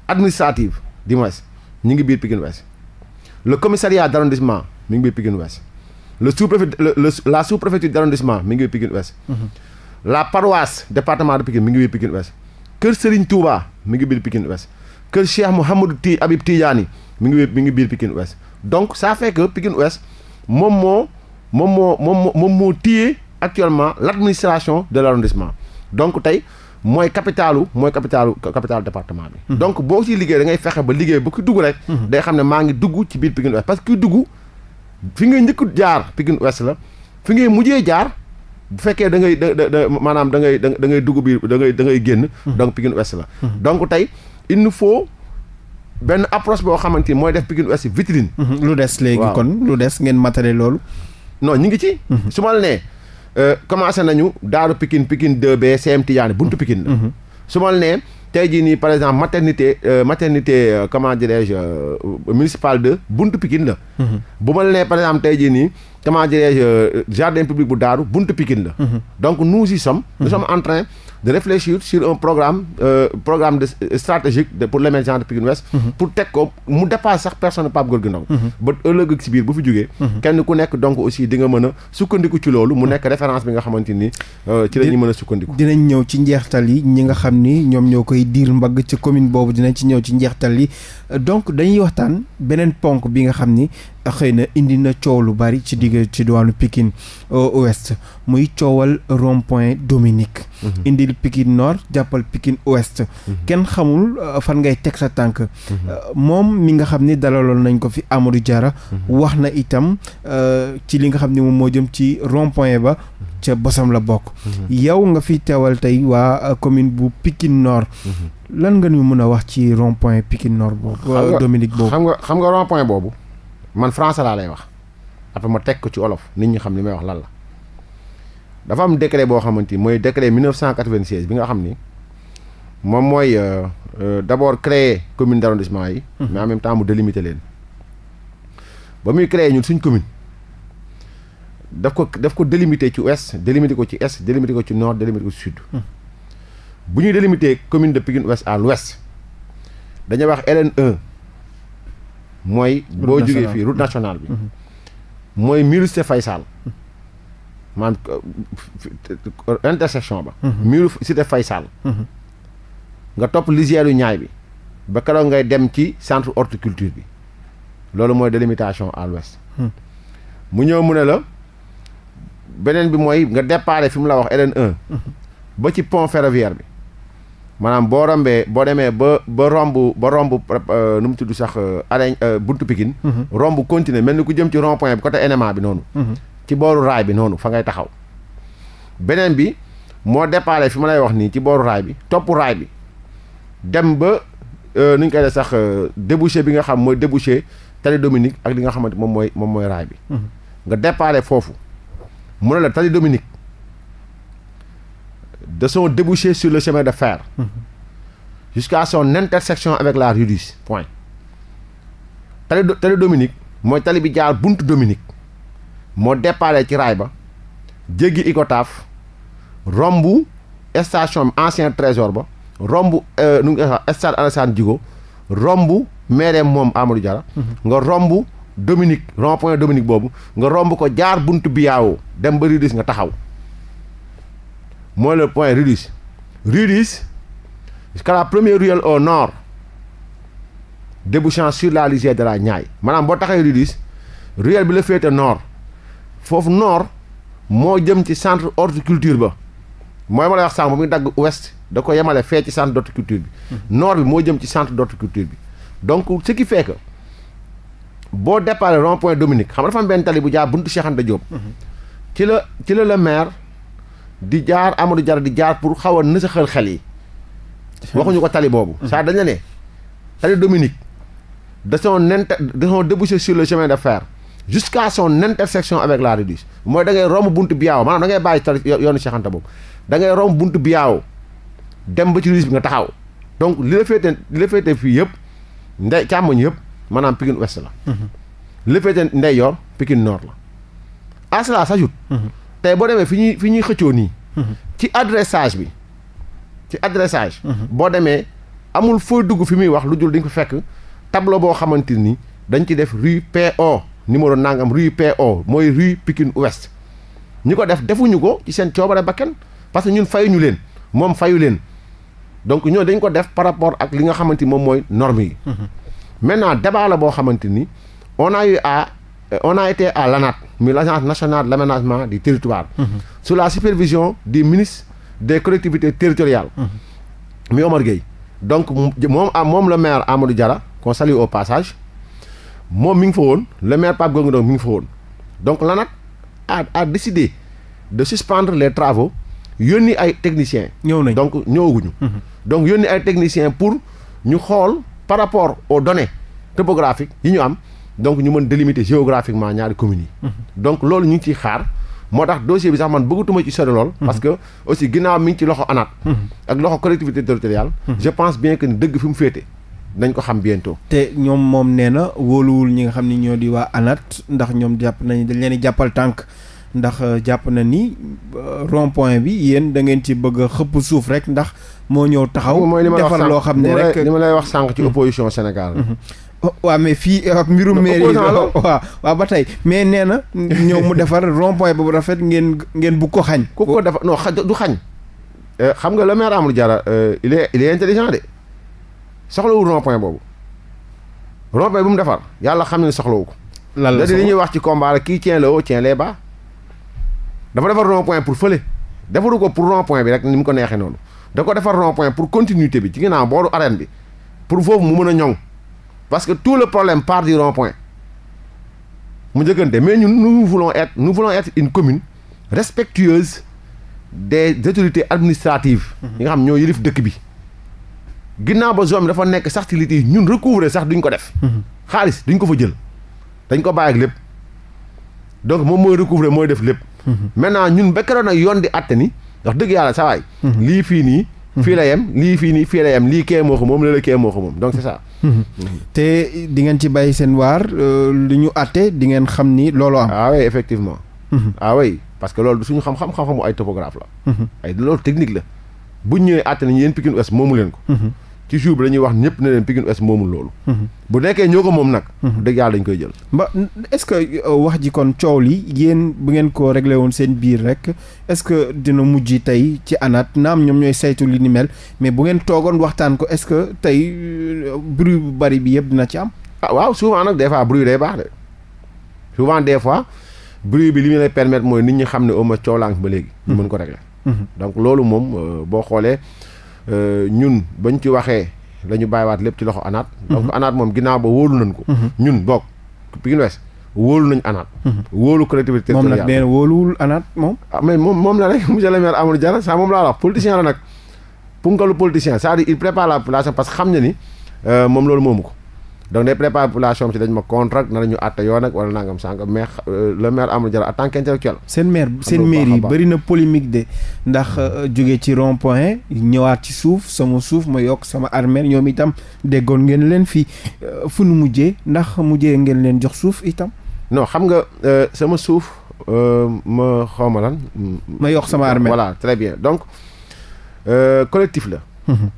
administrative du moins ñi ngi biir Pikine Ouest le commissariat d' arrondissement mi ngi biir Pikine Ouest le sous-préfet la sous-préfecture d' arrondissement mi ngi biir Pikine Ouest mm-hmm. la paroisse département de Pikine mi ngi biir Pikine Ouest kër Serigne Touba mi ngi biir Pikine Ouest kër Cheikh Mouhamadou Ti Habib Tidiane mi ngi mi ngi biir Pikine Ouest donc ça fait que Pikine Ouest moom moo moom moo moom moo moom moo téye actuellement l' administration de l' arrondissement donc tey mooy capitalu mooy capitalu capitalu département bi. Mhm. donc boo ciy liggéey da ngay fexe ba liggéey ba ku dugg rek. Mhm. day xam ne maa ngi dugg ci biir Pikine Ouest parce que kuy dugg fi ngay njëkk jaar Pikine Ouest la fi ngay mujjee jaar. bu fekkee da ngay da da maanaam da ngay da ngay dugg biir da ngay da ngay génn. Mhm. donc Pikine Ouest la. donc tey il faut benn approche boo xamante ni mooy def Pikine Ouest vitrine. lu des léegi kon lu des ngeen matériel loolu. non ñu ngi ci. su ma la nee Euh, commencé nañu daaru Pikine Pikine de b CM Tidiane buntu Pikine la. Mhm. su nee tey jii nii par exemple maternité euh, maternité euh, comment dirais-je municipal de buntu Pikine la. Mhm. bu ma nee par exemple tey jii nii comment dirais-je jardin public bu daaru buntu Pikine la. Mhm. donc nous y sommes. nous sommes en de réfléchir sur un programme euh, programme de euh, stratégique de, pour l'émergence de Pikine Ouest mhm. pour teg ko mu dépasse sax personne Pape Gorgui Ndong mhm. ba ëllëg si biir bu fi jógee mhm. kenn ku nekk donc aussi di nga mën a sukkandiku ci loolu mu nekk référence bi nga xamante ni euh, ci la ñuy a sukkandiku dinañ ñëw ci njeextal yi ñi nga xam ni ñoom ñoo koy diir mbagg ci commune boobu dinañ ci ñëw ci njeextal yi donc dañuy waxtaan beneen ponk bi nga xam ni xëy na indi na coow lu bari ci digg ci diwaanu Pikine euh, Ouest muy coowal rond point Dominique. Mhm. indil pikin noor jàppal Pikine Ouest. Mhm. kenn xamul euh, fan ngay teg sa tànk. Mhm. Euh, moom mi nga xam ni dalaloon nañ ko fi Amadou jara wax na itam euh, ci li nga xam ni moom moo jëm ci rond ba. ca bosam la bokk. yow nga fi teewal tey waa commune bu Pikine Nord. lan nga nu mën a wax ci rond point Pikine Nord boobu. xam nga xam nga rond boobu man français laa lay wax. après ma teg ko ci olof nit ñi xam li may wax lan la. dafa am décret boo xamante ni mooy décret 1996 bi nga xam ni moom mooy euh, euh, d'abord créer commune d'arrondissement yi. Mhm. mais en même temps mu délimiter leen. ba muy créer ñu suñ commune daf ko daf ko délimiter ci ouest délimiter ko ci est délimiter ko ci nord délimiter ko ci sud. Mhm. bu ñuy délimiter commune de Pikine Ouest à l'ouest dañuy wax ln e mooy. boo jógee fii route nationale bi. Mhm. mooy Mirouz Faye Sall. maanaam euh, euh, intersection ba. miiru mhm. cité Faye Sall. Mhm. nga topp lisière ñaay bi ba keroog ngay dem ci centre horticulture bi loolu mooy délimitation à l'ouest hmm. mu ñëw mu ne la beneen bi mooy nga déparé fi mu la wax RN1. Mhm. ba ci pont ferroviaire bi maanaam boo rombee boo demee ba ba romb ba romb euh, nu mu tudd sax arène buntu Pikine romb continuer mel ni ku jëm ci rond point bi côté NMA bi noonu. ci booru raay bi noonu fa ngay taxaw beneen bi moo déparé fi ma lay wax nii ci booru raay bi topp raay bi dem ba euh, nu ñu koy def sax euh, débouché bi nga xam mooy débouché tali Dominique ak li nga xamante moom mooy moom mooy raay bi. nga déparé foofu mu ne la tali Dominique de soo débouché sur le chemin de fer. jusqu'à son intersection avec la rue du Point. tali tali Dominique mooy tali bi jaar buntu Dominique. moo déparé ci raay ba jéggi Icotaaf romb station ancien trésor ba romb euh, nu ngi stade Alassane Djigo romb maire moom amalu Diarra mm-hmm. nga romb Dominique rond point Dominique boobu nga romb ko jaar bunt biyaawoo dem ba Rudis nga taxaw mooy le point Rudis Rudis jusqu'à la première ruelle au nord débouchant sur la lisière de la Niayes maanaam boo taxee Rudis ruelle bi la féete nord foofu noor moo jëm ci centre horticulture ba mooy ma lay wax sànq bu muy dagg ouest da ko yemale fee ci centre d'horticulture bi. nord bi moo jëm ci centre d'horticulture bi. donc ce qui fait boo départ rond point Dominique xam dafa am benn tali bu jaar buntu Cheikh Anta Diop. ci la ci la le di jaar Amadou jar di jaar pour xaw a nësaxal xel yi. waxuñu ko tali boobu. saa dañ la ne tali Dominique de son inter de son débouché sur le chemin de fer. jusqu'à son intersection avec la Réduce mooy da ngay romb buntu Biaw maanaam da ngay bàyyi tali yoonu Cheikh Anta boobu da ngay romb buntu Biaw dem ba ci Réduce bi nga taxaw donc li la féete fii yëpp ndey càmmoñ yëpp maanaam Pikine Ouest la. Mhm. li la féete ndey yor Pikine Nord la. à cela s'ajoute mhm. tey boo demee fi ñuy fi ñuy xëccoo nii. Mhm. ci adressage bi ci adressage. boo demee amul fooy dugg fi muy wax lu jul dañ ko fekk tableau boo xamante ni dañ ci def rue PO. numéro nangam rue PO mooy rue Pikine Ouest ñi ko def defuñu ko ci seen coobare bakkan parce que ñun fayuñu leen moom fayu leen donc ñoo dañu ko def par rapport ak li nga xamante ni moom mooy norme yi. Mm-hmm. maintenant débat la boo xamante ni on a eu à euh, on a été à l'ANAT muy l'agence nationale de l'aménagement du territoire. Mmh. la supervision di ministre des collectivités territoriales. Mm-hmm. muy Omar Gueye donc moom moom le maire Amadou Diarra qu'on salue o passage. moom mi ngi fa woon le maire Pape Gorgui Ndong mi ngi fa woon donc l'ANAT a a décidé de suspendre les travaux yónni ay techniciens. ñëw nañ donc ñëwaguñu. Mhm. donc yónni ay techniciens pour ñu xool par rapport aux données topographiques yi ñu am donc ñu mën délimiter géographiquement ñaari communes yi. Mhm. donc loolu ñu ngi ci xaar. moo tax dossier bi sax man bëggatuma ci sori lool. Mhm. parce que aussi ginnaaw mi ngi ci loxo ANAT. ak loxo collectivité territoriale. je pense bien que dëgg fi mu féete. dañ ko xam bientôt. te ñoom moom nee na wóoluwul ñi nga xam ni ñoo di waa ANAT ndax ñoom jàpp nañ dañ leen di jàppal tànk ndax euh, jàpp na ni euh, rond bi yéen da ngeen ci bëgg a xëpp suuf rek ndax moo ñëw taxaw. mooy li ma defar loo xam ne rek li ma lay wax sànq ci mm-hmm. opposition Sénégal. Mm-hmm. Oh, waa mais fii mbiru mairie yi [LAUGHS] waaw ba tey mais nee na ñëw mu defar rond point boobu rafet ngeen ngeen bu ko xañ. ku ko defar xa du xañ. Euh, xam nga le maire Amadou Diarra il est intelligent de. soxlawul rond boobu rond point bu mu defar yàlla xam ne soxlawu ko. lan la li ñuy wax ci combat la kii tient le haut tient les bas. dafa defar rond point pour fële defaru ko pour rond point bi rek ni mu ko neexee noonu da ko defar rond point pour continuité bi ci ginnaaw booru arène bi pour foofu mu mën a ñoŋ parce que tout le problème part du rond mu njëkkante mais ñun nous voulons être nous voulons être une commune respectueuse des autorités administratives. Mhm. yi nga xam ñoo yilif dëkk bi. ginnaaw ba zone dafa nekk fertilité yi ñun recouvrer sax duñ ko def. Mhm. xaalis duñ ko fa jël dañ ko bàyyi ak lépp donc moom mooy recouvrer mooy def lépp. Mhm. maintenant ñun ba keroog nag yoon di àtte ni ndax dëgg yàlla saa mhm. lii fii nii. fii la yem lii fii nii fii la yem lii kee moo moom la la kee moo ko moom donc c'est ça. te di ngeen ci bàyyi seen waar euh, li ñu àtte di ngeen xam ni loolu am. ah oui effectivement. ah oui parce que loolu suñu xam-xam xam-xamu ay topographe la. ay loolu la. buñ ñëwee àtte nañu yéen Pikine Ouest moomu leen ko mhm. ci jour bi dañuy wax ñëpp ne leen Pikine moomu moomul loolu mhm. bu nekkee ñoo ko moom nag mhm. dëgg yàlla dañ koy jël ba est-ce que euh, wax ji kon coow li yéen bu ngeen ko regle woon seen biir rek est-ce que dina mujj tey ci anat naam ñoom ñooy saytu li ni mel mais bu ngeen toogoon waxtaan ko est-ce que tey euh, bruit bu bari bi yëpp dina ci am ah waaw souvent nag des fois bruit day baax de souvent des fois bruit bi li ñu lay permettre mooy nit ñi xam ne au moins coow laa léegi mën ko réglé donc loolu moom euh, boo xoolee euh, ñun bañ ci waxee la ñu bàyyiwaat lépp ci loxo anaat mhm. donc anaat moom ginnaaw ba wóolu nañ ko mhm. ñun boog Pikine Ouest wóolu nañu anaat mhm. wóolu collectivité territoriale moom nag nee na wóoluwul anaat moom ah, mais moom moom la rek [LAUGHS] monsieur le maire Amadou Diarra saa moom laa la wax politicien la nag punkalu politicien c'est-à-dire il prépare la population parce que xam ne ni euh, moom loolu moomu ko donc day préparé population ci dañ ma contrat na ñu àtte yoon ak wala nangam sànq mais euh, le maire Amadou Diallo en tant qu'intellectuel seen maire seen maire yi bëri na polémique de ndax euh, jóge ci rond point ñëwaat ci suuf sama suuf ma yokk sama armeel ñoom itam déggoon ngeen leen fii euh, fu nu mujjee ndax mujjee ngeen leen jox suuf itam. non xam nga sama suuf ma xaw ma lan. ma yokk sama armeel voilà très bien donc collectif la. Mhm.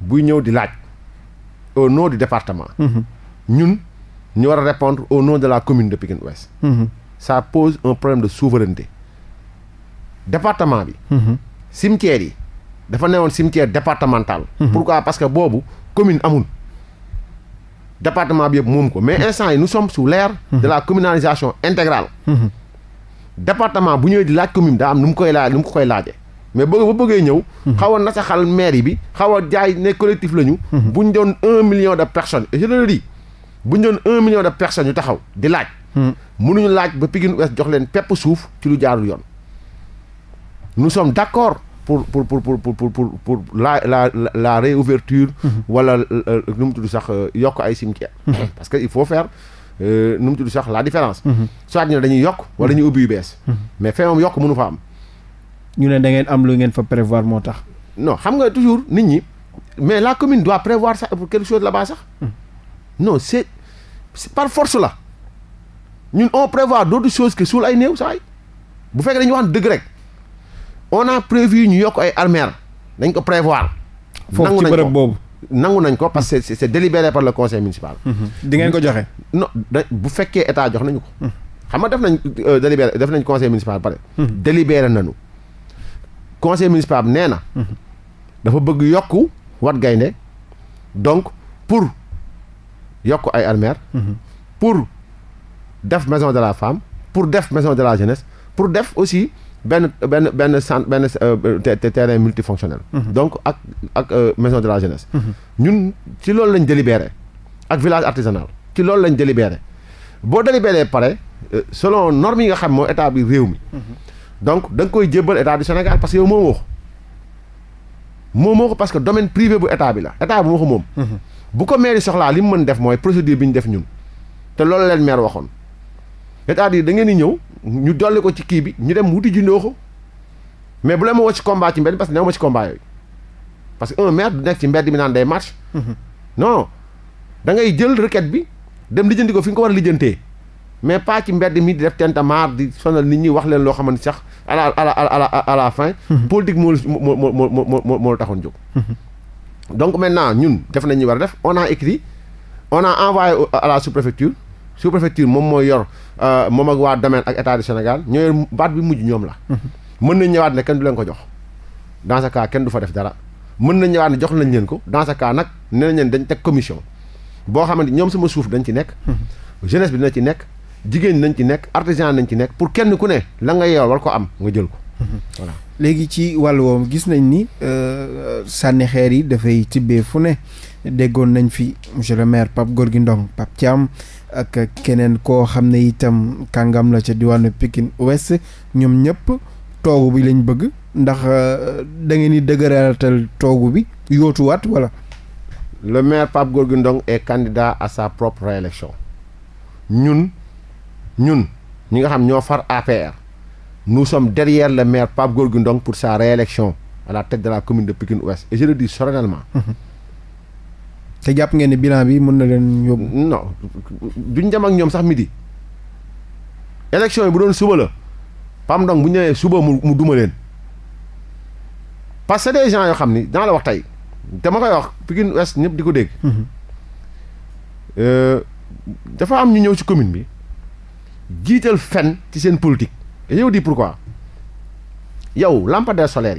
buy ñëw di laaj. au nom du département. ñun ñu war a répondre au nom de la commune de Pikine Ouest. ça pose un de souveraineté. département bi. cimetière yi dafa newoon cimetière départemental. pourquoi parce que boobu commune amul. département bi yëpp moom ko mais instant yi nous sommes sous l'ère de la communalisation intégrale. département bu ñëwee di laaj commune daa am nu mu koy laaj nu mu koy laaje mais boo ba bëggee ñëw. Mhm. xaw a nasaxal mairie bi xaw a jaay ne collectif la ñu. Mhm. bu ñu doon un million de personnes et je le dis bu ñu doon un million de personnes ñu taxaw di laaj. Mhm. mënuñu laaj ba Pikine Ouest jox leen pepp suuf ci lu jaarul yoon. nous sommes d'accord pour pour pour pour pour pour pour la la la réouverture. wala euh, euh, nu mu tudd sax euh, yokk ay cimetière. [LAUGHS] parce que il faut faire nu mu tudd sax la différence. soit ñu ne dañuy yokk wala ñu ubbi yu bees. mais fin moom yokk mënu fa am. ñu ne da ngeen am lu ngeen fa prévoir moo tax. non xam nga toujours nit ñi mais la commune doit prévoir ça pour quelque chose là sax. Hmm. no c'est c'est par force là ñun on prévoir d'autres choses que suul ay néew saay bu fekkee dañu wax dëgg rek on a prévu ñu yokk ay armères dañ ko prévoir. foofu ci bërëb boobu nangu nañ ko parce que hmm. c'est c'est délibéré par le conseil municipal. Hmm. di ngeen ko joxe. non da bu fekkee état jox nañu ko. xam nga def nañ euh, délibéré def nañ conseil municipal pare. délibéré nañu. conseil municipal nee na. dafa bëgg yokk wat gaynde donc pour yokk ay armeer mhm. pour def maison de la femme pour def maison de la jeunesse pour def aussi benn benn benn centre benn euh, terrain multifonctionnel. Mhm. donc ak ak euh, maison de la jeunesse. Mhm. ñun ci loolu lañ délibéré ak village artisanal ci loolu lañ délibéré boo délibéré pare euh, selon normes yi nga xam moo état bi réew mi. donc da nga koy jébbal état du Sénégal parce que yow moom ko moomoo ko parce que domaine privé bu état bi la état bi moo ko moom. Mhm. bu ko mairie soxlaa li mu mën def mooy procédure bi ñu def ñun te loolu leen maire waxoon c'est-à-dire da ngeen di ñëw ñu dolli ko ci kii bi ñu dem wuti jundoo ko mais bu la ma wax ci combat ci mbedd parce que new ma ci combat yooyu parce que un du nekk ci mbedd mi naan day marche mhm. non da ngay jël requête bi dem lijjanti ko fi nga ko war a mais pas ci mbedd mi di def tentamar di sonal nit ñi wax leen loo xamante sax à la à la à la à la fin. Mhm. politique moo moo moo moo moo taxoon jóg. Mhm. donc maintenant ñun def nañ ñu war a def on a écrit on a envoyé à la sous-préfecture sous-préfecture moom mooy yor euh, moom ak waa domaine ak état du Sénégal ñoo baat bi mujj ñoom la. Mhm. mën nañ ñëwaat ne kenn du leen ko jox dans ce kenn du fa def dara mën nañ ñëwaat ne jox nañ leen ko dans ce nag nee nañ leen dañ teg commission boo xamante ñoom sama suuf dañ ci nekk. jeunesse bi dina ci nekk. jigéen nañ ci nekk artisan nañ ci nekk pour kenn ku ne la nga yeewal war ko am nga jël ko [LAUGHS] léegi ci wàll woom gis nañ ni euh, sànni xeer yi dafay tibbee fu ne déggoon nañ fi monsieur le maire Pape Gorgui Ndong Pape Thiam ak keneen koo xam ne itam kàngam la ca diwaanu Pikine Ouest ñoom ñëpp toogu bi lañ bëgg ndax euh, da ngeen di dëgëraatal toogu bi yootuwaat wala le maire Pape Gorgui Ndong est candidat à sa propre réélection ñun ñun ñi nga xam ñoo far APR nous some derrière le maire Pape Gorgui Ndong pour sa réélection à la tête de la commune de Pikine Ouest et je le dis te jàpp ngeen ne bilan bi mën na leen yóbbu. non duñ dem ak ñoom sax midi. élection yi bu doon suba la Pape Ndong bu ñëwee suba mu mu duma leen parce que des gens yoo xam ni danga la wax tey dama koy wax Pikine Ouest ñëpp di ko dégg. Mhm. Euh, dafa am ñu ñëw ci commune bi. jiital fen ci seen politique et yow di pourquoi yow lampadaire solaire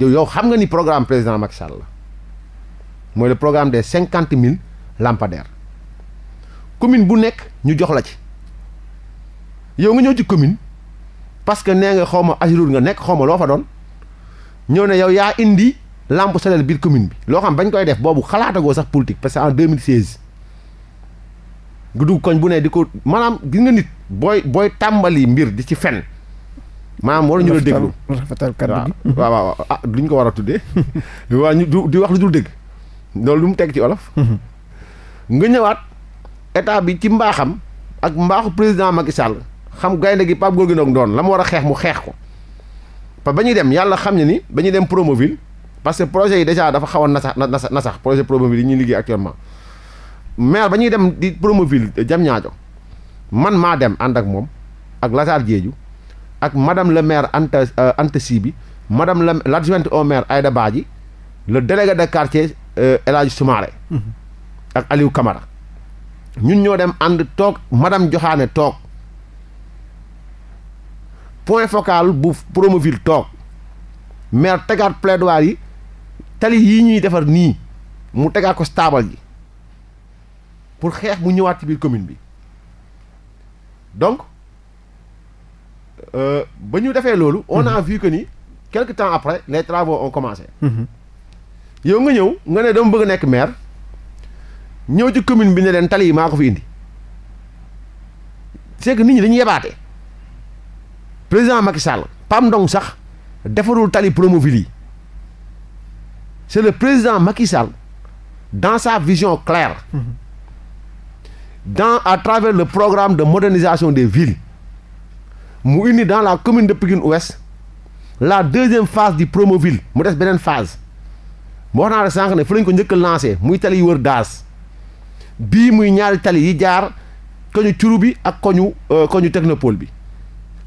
yi yow xam nga ni programme président Macky Sall la mooy le programme des cinquante mille lampadaires commune bu nekk ñu jox la ci yow nga ñëw ci commune parce que nee nga xaw ma nga nekk xaw ma loo fa doon ñëw ne yow yaa indi lampe solaire biir commune bi loo xam bañ koy def boobu xalaatagoo sax politique parce nga dugg koñ bu nee di ko maanaam gis nga nit booy booy tàmbali mbir di ci fen maanaam waruñu la ñu rafetal kàddu gi waaw waaw ah duñ ko war a tuddee [LAUGHS] waa ñu di wax lu dul dégg loolu lu mu teg ci olof mhm. nga ñëwaat état bi ci mbaaxam ak mbaaxu président Macky Sall xam gaynde gi Pape Gorgui Ndong doon la mu war a xeex mu xeex ko parce que ba dem yàlla xam ne ni ba ñuy dem Promoville parce que projet yi déjà dafa xaw a nasax na nasax projet Promoville yi ñuy liggéey actuellement maire ba ñuy dem di Promoville jam eh, ñaajo man maa dem ànd ak moom ak Lazare Diédhiou ak madame le maire Anta euh, Anta Sibi madame la l'adjointe au maire Aïda Badji le délégué de quartier euh, El Hadj Soumaré mm-hmm. ak Aliou kamara ñun ñoo dem ànd toog madame Joxaane toog point focal bu Promoville toog maire tegaat plaidoirie yi tali yii ñuy defar nii mu tegaat ko taabal ji pour xeex mu ñëwaat ci biir commune bi donc euh, ba ñu defee loolu. on a mhm. vu que ni quelque temps après les travaux on commencé. Mhm. yow nga ñëw nga ne dama bëgg nekk maire ñëw ci commune bi ne leen tali yi maa ko fi indi c'est que nit ñi dañuy yebaate président Macky Sall Pam Ndong sax defarul tali Promoville yi c'est le président Macky Sall dans sa vision claire. Mhm. dans à travers le programme de modernisation des villes mu indi dans la commune de Pikine Ouest la deuxième phase du Promoville mu des beneen phase moo wax naa la sànq ne lañ ko njëkk a lancé muy tali yi wër daas bii muy ñaari tali yi jaar koñu curu bi ak koñu euh, koñu technopole bi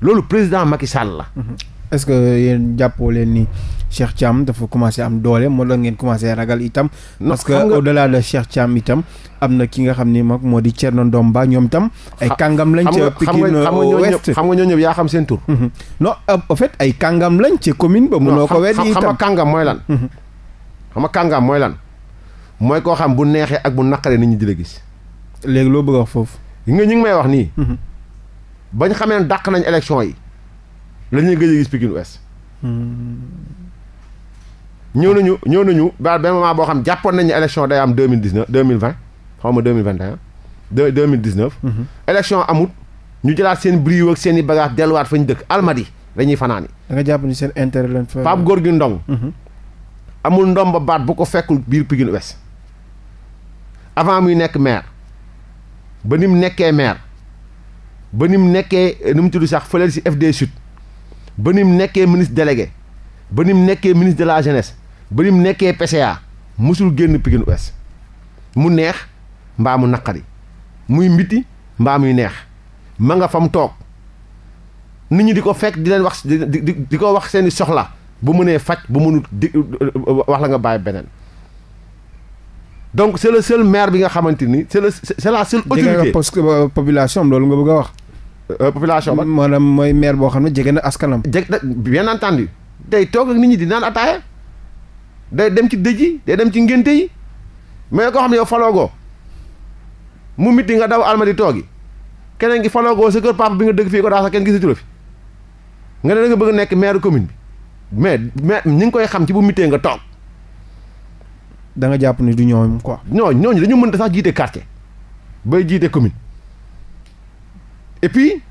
loolu président Macky Sall la. Mm-hmm. est-ce que yéen jàppoo leen nii Cheikh Thiam dafa commencé am doole moo la ngeen commencé ragal itam. parce que au delà de Cheikh Thiam itam am na ki nga xam ni mag moo di Thierno Ndomba ñoom tam. ay kàngam lañ ca Pikine Ouest xam nga ñoo ñëpp yaa xam seen tur. Mhm. ko weddi itam xam nga kàngam mooy lan. Mhm. xam nga kàngam mooy lan mooy koo xam bu neexee ak bu naqaree nit ñi di la gis. léegi loo bëgg a wax foofu. nga ñu ngi may wax nii. Mhm. bañ xamee ne dàq nañ élection yi. la ñuy gëj a gis Pikine Ouest. ñëw nañu ñëw nañu ba benn moment boo xam jàppoon nañu élection day am deux mille dix neuf deux xaw ma deux mille vingt et un deux deux mille dix mhm. amut ñu jëlaat seen brio ak seen i delluwaat fa dëkk almadi dañuy fanaani. da nga jàpp ni seen intérêt lañ fa. Pape Gorgui Ndong. Mhm. amul ndom ba baat bu ko fekkul biir Pikine Ouest avant muy nekk maire ba ni mu nekkee maire ba ni mu nekkee nu mu tudd sax fële si FD Sud ba ni mu nekkee ministre délégué. ba ni mu nekkee ministre de la jeunesse ba ni mu nekkee PCA musul génn Pikine Ouest mu neex mbaa mu naqari muy mbiti mbaa muy neex ma nga fam toog nit ñi di ko fekk di leen wax di di di ko wax seeni soxla bu mënee faj bu mënut di wax la nga bàyyi beneen donc c'est le seul bi nga xamante ni c'est le c'est la seule autorité parce euh, que population loolu nga bëgg a wax euh, population ba maanaam mooy maire boo xam ne jege na askanam jege bien yi day toog ak nit ñi di naan ataaya day dem ci dëj yi day dem ci ngénte yi mais koo xam ne yow faloogoo mu mitti nga daw alma di toogi keneen ki faloogoo sa kër papa bi nga dëgg fii ko daa sax kenn gisatu la fi nga ne da nga bëgg nekk maire commune bi mais mais ñi ngi koy xam ci bu mittee nga toog. danga jàpp ni du ñoom quoi. ñooñu dañu mënta sax jiite quartier bay jiite commune et puis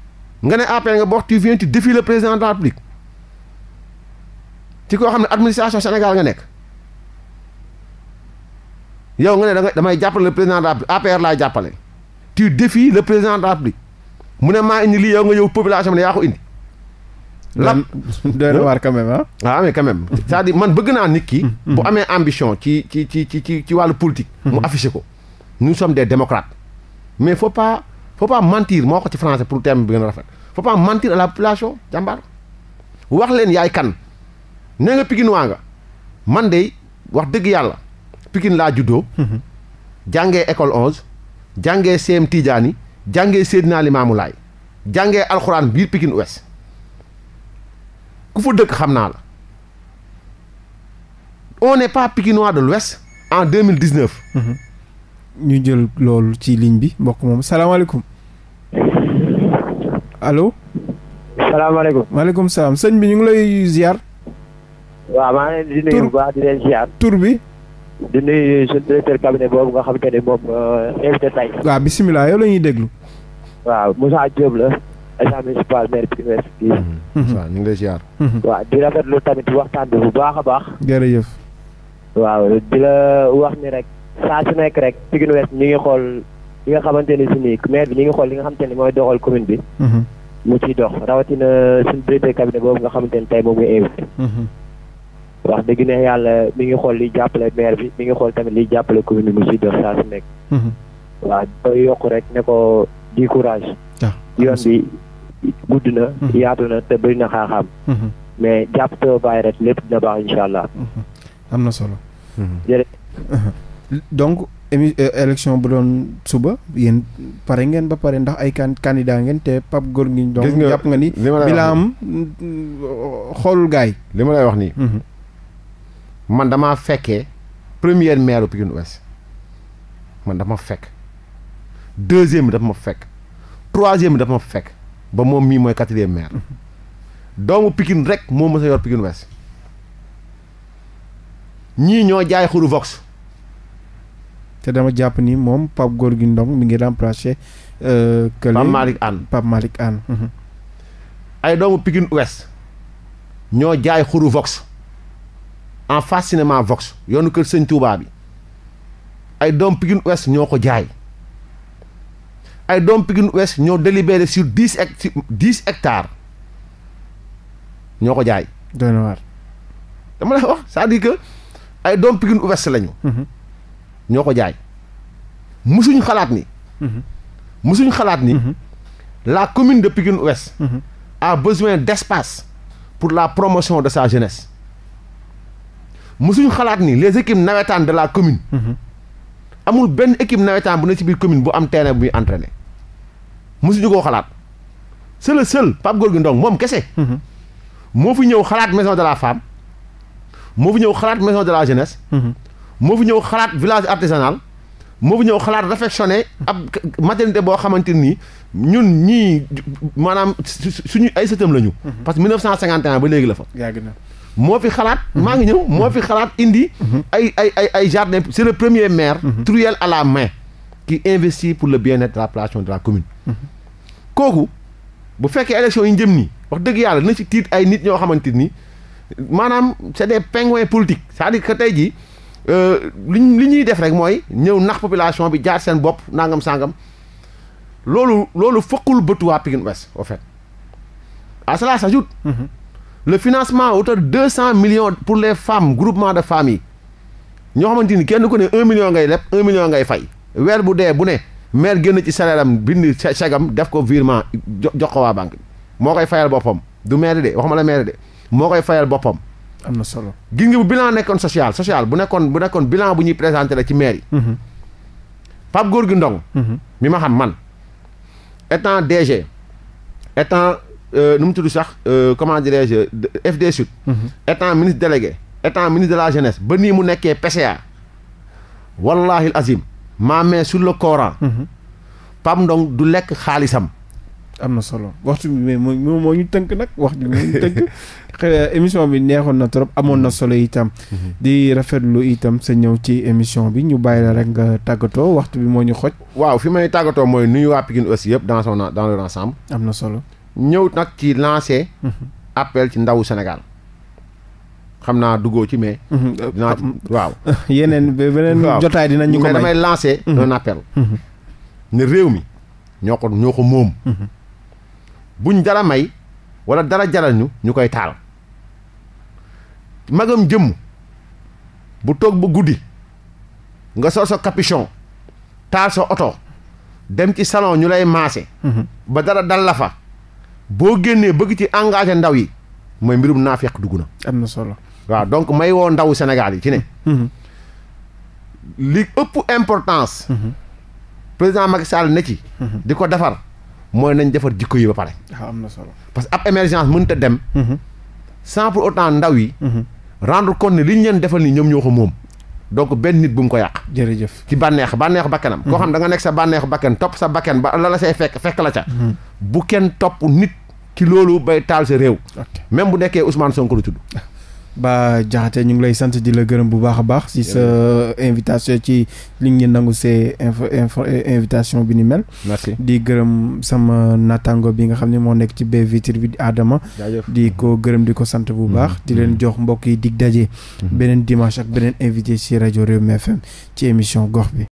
nga ne APR nga bokk tu viens tu défies le président de ci koo xam ne administration Sénégal nga nekk yow nga ne danga damay jàppale le président de la République APR laay jàppale tu défies le président de la mu ne maa indi lii yow nga yow population bi ne yaa ko indi lap doy na waar quand même ah waaw mais man bëgg naa nit ki bu amee ambition ci ci ci ci ci ci wàllu politique mu affiché ko nous sommes des démocrates mais faut pas faut pas mentir moo ko ci français pour terme bi gën rafet faut pas mentir la population jàmbaar wax leen yaay kan nee nga Pikine waa nga man de wax dëgg yàlla Pikine laa juddoo. Mhm. jàngee école onze jàngee CM Tidiane jàngee Seydina Limaamu Laay alxuraan biir Pikine Ouest ku fa dëkk xam naa la one n'est pas pikinois de l'ouest en deux mille dix neuf. Mhm. ñu jël loolu ci ligne bi mbokk moom salaamaaleykum allo. salaamaaleykum. maaleykum salaam sëñ bi ñu ngi lay ziar. waaw maa ngi leen di nuyu bu baax di leen ziar. tur bi. di nuyu suñu directeur cabinet boobu nga xam te ne moom euh, invité tey. waaw bisimilah yow la ñuy déglu. waaw Moussa Diop la. agent municipal maire primaire bi. waaw ñu ngi lay ziar. Mm-hmm. waaw bu baax a baax. jërëjëf. waaw di la wax ni rek. saa su nekk rek Pikine Ouest ngi xool li nga xamante ni si nii maire bi ñu ngi xool li nga xamante ni mooy doxal commune bi. Mm-hmm. mu ciy dox rawatina suñu directeur cabinet boobu nga xamante ni tey moom nga invité. Mm-hmm. wax dëgg ne yàlla mi ngi xool li jàppale maire bi mi ngi xool tamit liy jàppale commune bi mu si saa su nekk. Mhm. waaw koy yokk rek ne ko di courage. Ah, yoon bi gudd na. Mhm. yaatu na te bëri na xaaxaam. Mhm. mais jàpp te bàyyi rek lépp dina baax incha allah. am na solo. jërëjëf. [LAUGHS] donc émi euh, élection bu doon suba yéen pare ngeen ba pare ndax ay can candidat ngeen te Pape Gorgui Ndong. gis nga jàpp nga ni bilaam xoolul gaay li ma lay wax nii. man damaa fekkee première maire Pikine Ouest man dafa ma fekk deuxième bi dafa ma fekk troisième bi dafa ma fekk ba moom mii mooy quatrième maire [LAUGHS] doomu Pikine rek moo mës yor Pikine Ouest ñii ñoo jaay xuru Vox. te dama jàpp ni moom góor gi Ndong mi ngi remplacer. Euh, kële Pape Malick Anne Pape Malick Anne. Mhm. ay doomu Pikine Ouest ñoo jaay xuru Vox. en face cinéma Vox yoonu kër sëñ Touba bi ay doom Pikine Ouest ñoo ko jaay ay doom Pikine Ouest ñoo délibéré sur dix hec hectares ñoo ko jaay. dama la wax c'est-à-dire que ay mm-hmm. ko jaay musuñu xalaat ni. Mm-hmm. musuñu xalaat ni. Mm-hmm. la commune de Pikine Ouest. a besoin d'espace pour la promotion de sa jeunesse. mësuñu xalaat nii les équipes nawetaan de la commune. Mhm. amul benn équipe nawetaan bu ne ci biir commune bu am terrain bu ñuy entraîner mësuñu koo xalaat c'est le seul Pape moom kese. Mhm. moo fi ñëw xalaat maison de la femme moo fi ñëw xalaat maison de la jeunesse. Mhm. moo fi ñëw xalaat village artisanal moo fi ñëw xalaat réfectionné ab maternité boo xamante nii ñun ñii maanaam suñu ay sëtam lañu. parce que 1951 ba léegi la fa. yàgg na. moo fi xalaat maa ngi ñëw moo fi xalaat indi ay ay ay ay jardin c'est le premier maire truelle à la main qui investit pour le bien-être de la population de la commune kooku bu fekkee élection yi njëm nii wax dëgg yàlla na ci tiit ay nit ñoo xamante nii maanaam c'est des pingouins politiques cest à que tey jii euh, li li ñuy def rek mooy ñëw nax population bi jaar seen bopp nangam sangam loolu loolu fokkul bëtu waa Pikine Ouest au fait à cela le financement à hauteur de deux cent millions pour les femmes groupement de femmes yi ni kenn ku ne million ngay leb un million ngay fay weer bu dee bu ne maire génn ci salaire am bind chèque-am def ko virement jox ko waa banque moo koy fayal boppam du maire de waxuma la maire de moo koy fayal boppam. am na solo gis nga bu bilan nekkoon social social bu nekkoon bu nekkoon bilan bu ñuy présenté la ci maire yi. Mm-hmm. Pape Gorgui Ndong. Mm-hmm. mi ma xam man étant DG étant Euh, nu mu tudd sax euh, comment dirais-je FD Sud. Mhm. étant ministre délégué étant ministre de la jeunesse ba nii mu nekkee PCA. wallahi azim ma main sur le Coran. Mhm. Pam Ndong du lekk xaalisam. am na solo waxtu bi mooy moo ñu tënk nag wax bi moo ñu tënk [LAUGHS] émission bi neexoon na trop amoon na solo itam. Mhm. di rafetlu itam sa ñëw ci émission bi ñu bàyyi la rek nga tàggatoo waxtu bi moo ñu xoj. waaw fi may tàggatoo mooy nuyu waa Pikine aussi yëpp dans son dans leur ensemble. am na solo. ñëw nag ci lancé. Mhm. appel ci ndawu Sénégal. xam naa duggoo ci mais. Mhm. dinaa waaw. [LAUGHS] yeneen beneen jotaay ñu ko may damay lancé. Mhm. un appel. ne réew mi ñoo ko ñoo ko moom. buñ dara may walla dara jaral ñu ñu koy taal. magam jëmm bu toog ba guddi nga sol sa capuchon taal sa oto dem ci salon ñu lay maase. ba dara dal fa. boo génnee bëgg ci engagé ndaw yi mooy mbirum naafeq dugg na. am na solo waaw donc may woo ndaw Sénégal yi ci ne. Mm-hmm. li ëpp importance. Mm-hmm. président Macky Sall ne ci. Mm-hmm. di ko defar mooy nañ defar jikko yi ba pare. Ah, am na solo parce que ab émergence mënut a dem. sans pour autant ndaw yi. rendre kon ne li ñu leen defal nii ñoom ñëw ko moom. donc benn nit bu mu ko yàq. jërëjëf ci bànneex bànneex bakkanam. koo xam mhm. da nga nekk sa bànneexu bakkan topp sa bakkan ba la say fekk fekk la ca. Mhm. bu kenn topp nit. ci loolu bay taal sa réew. même bu nekkee Ousmane Sonko la tudd. [LAUGHS] Bah Diakhaté ñu ngi lay sant di la gërëm bu baax a baax si sa invitation ci li ngi nangu see info invitation bi ni mel di gërëm sama nattango bi nga xam ne moo nekk ci bee vitre bi Adama di ko gërëm di ko sant bu baax mm-hmm. di leen mm-hmm. jox mbokk yi dig daje mm-hmm. beneen dimanche ak beneen invité si rajo Rewmi FM ci émission gox bi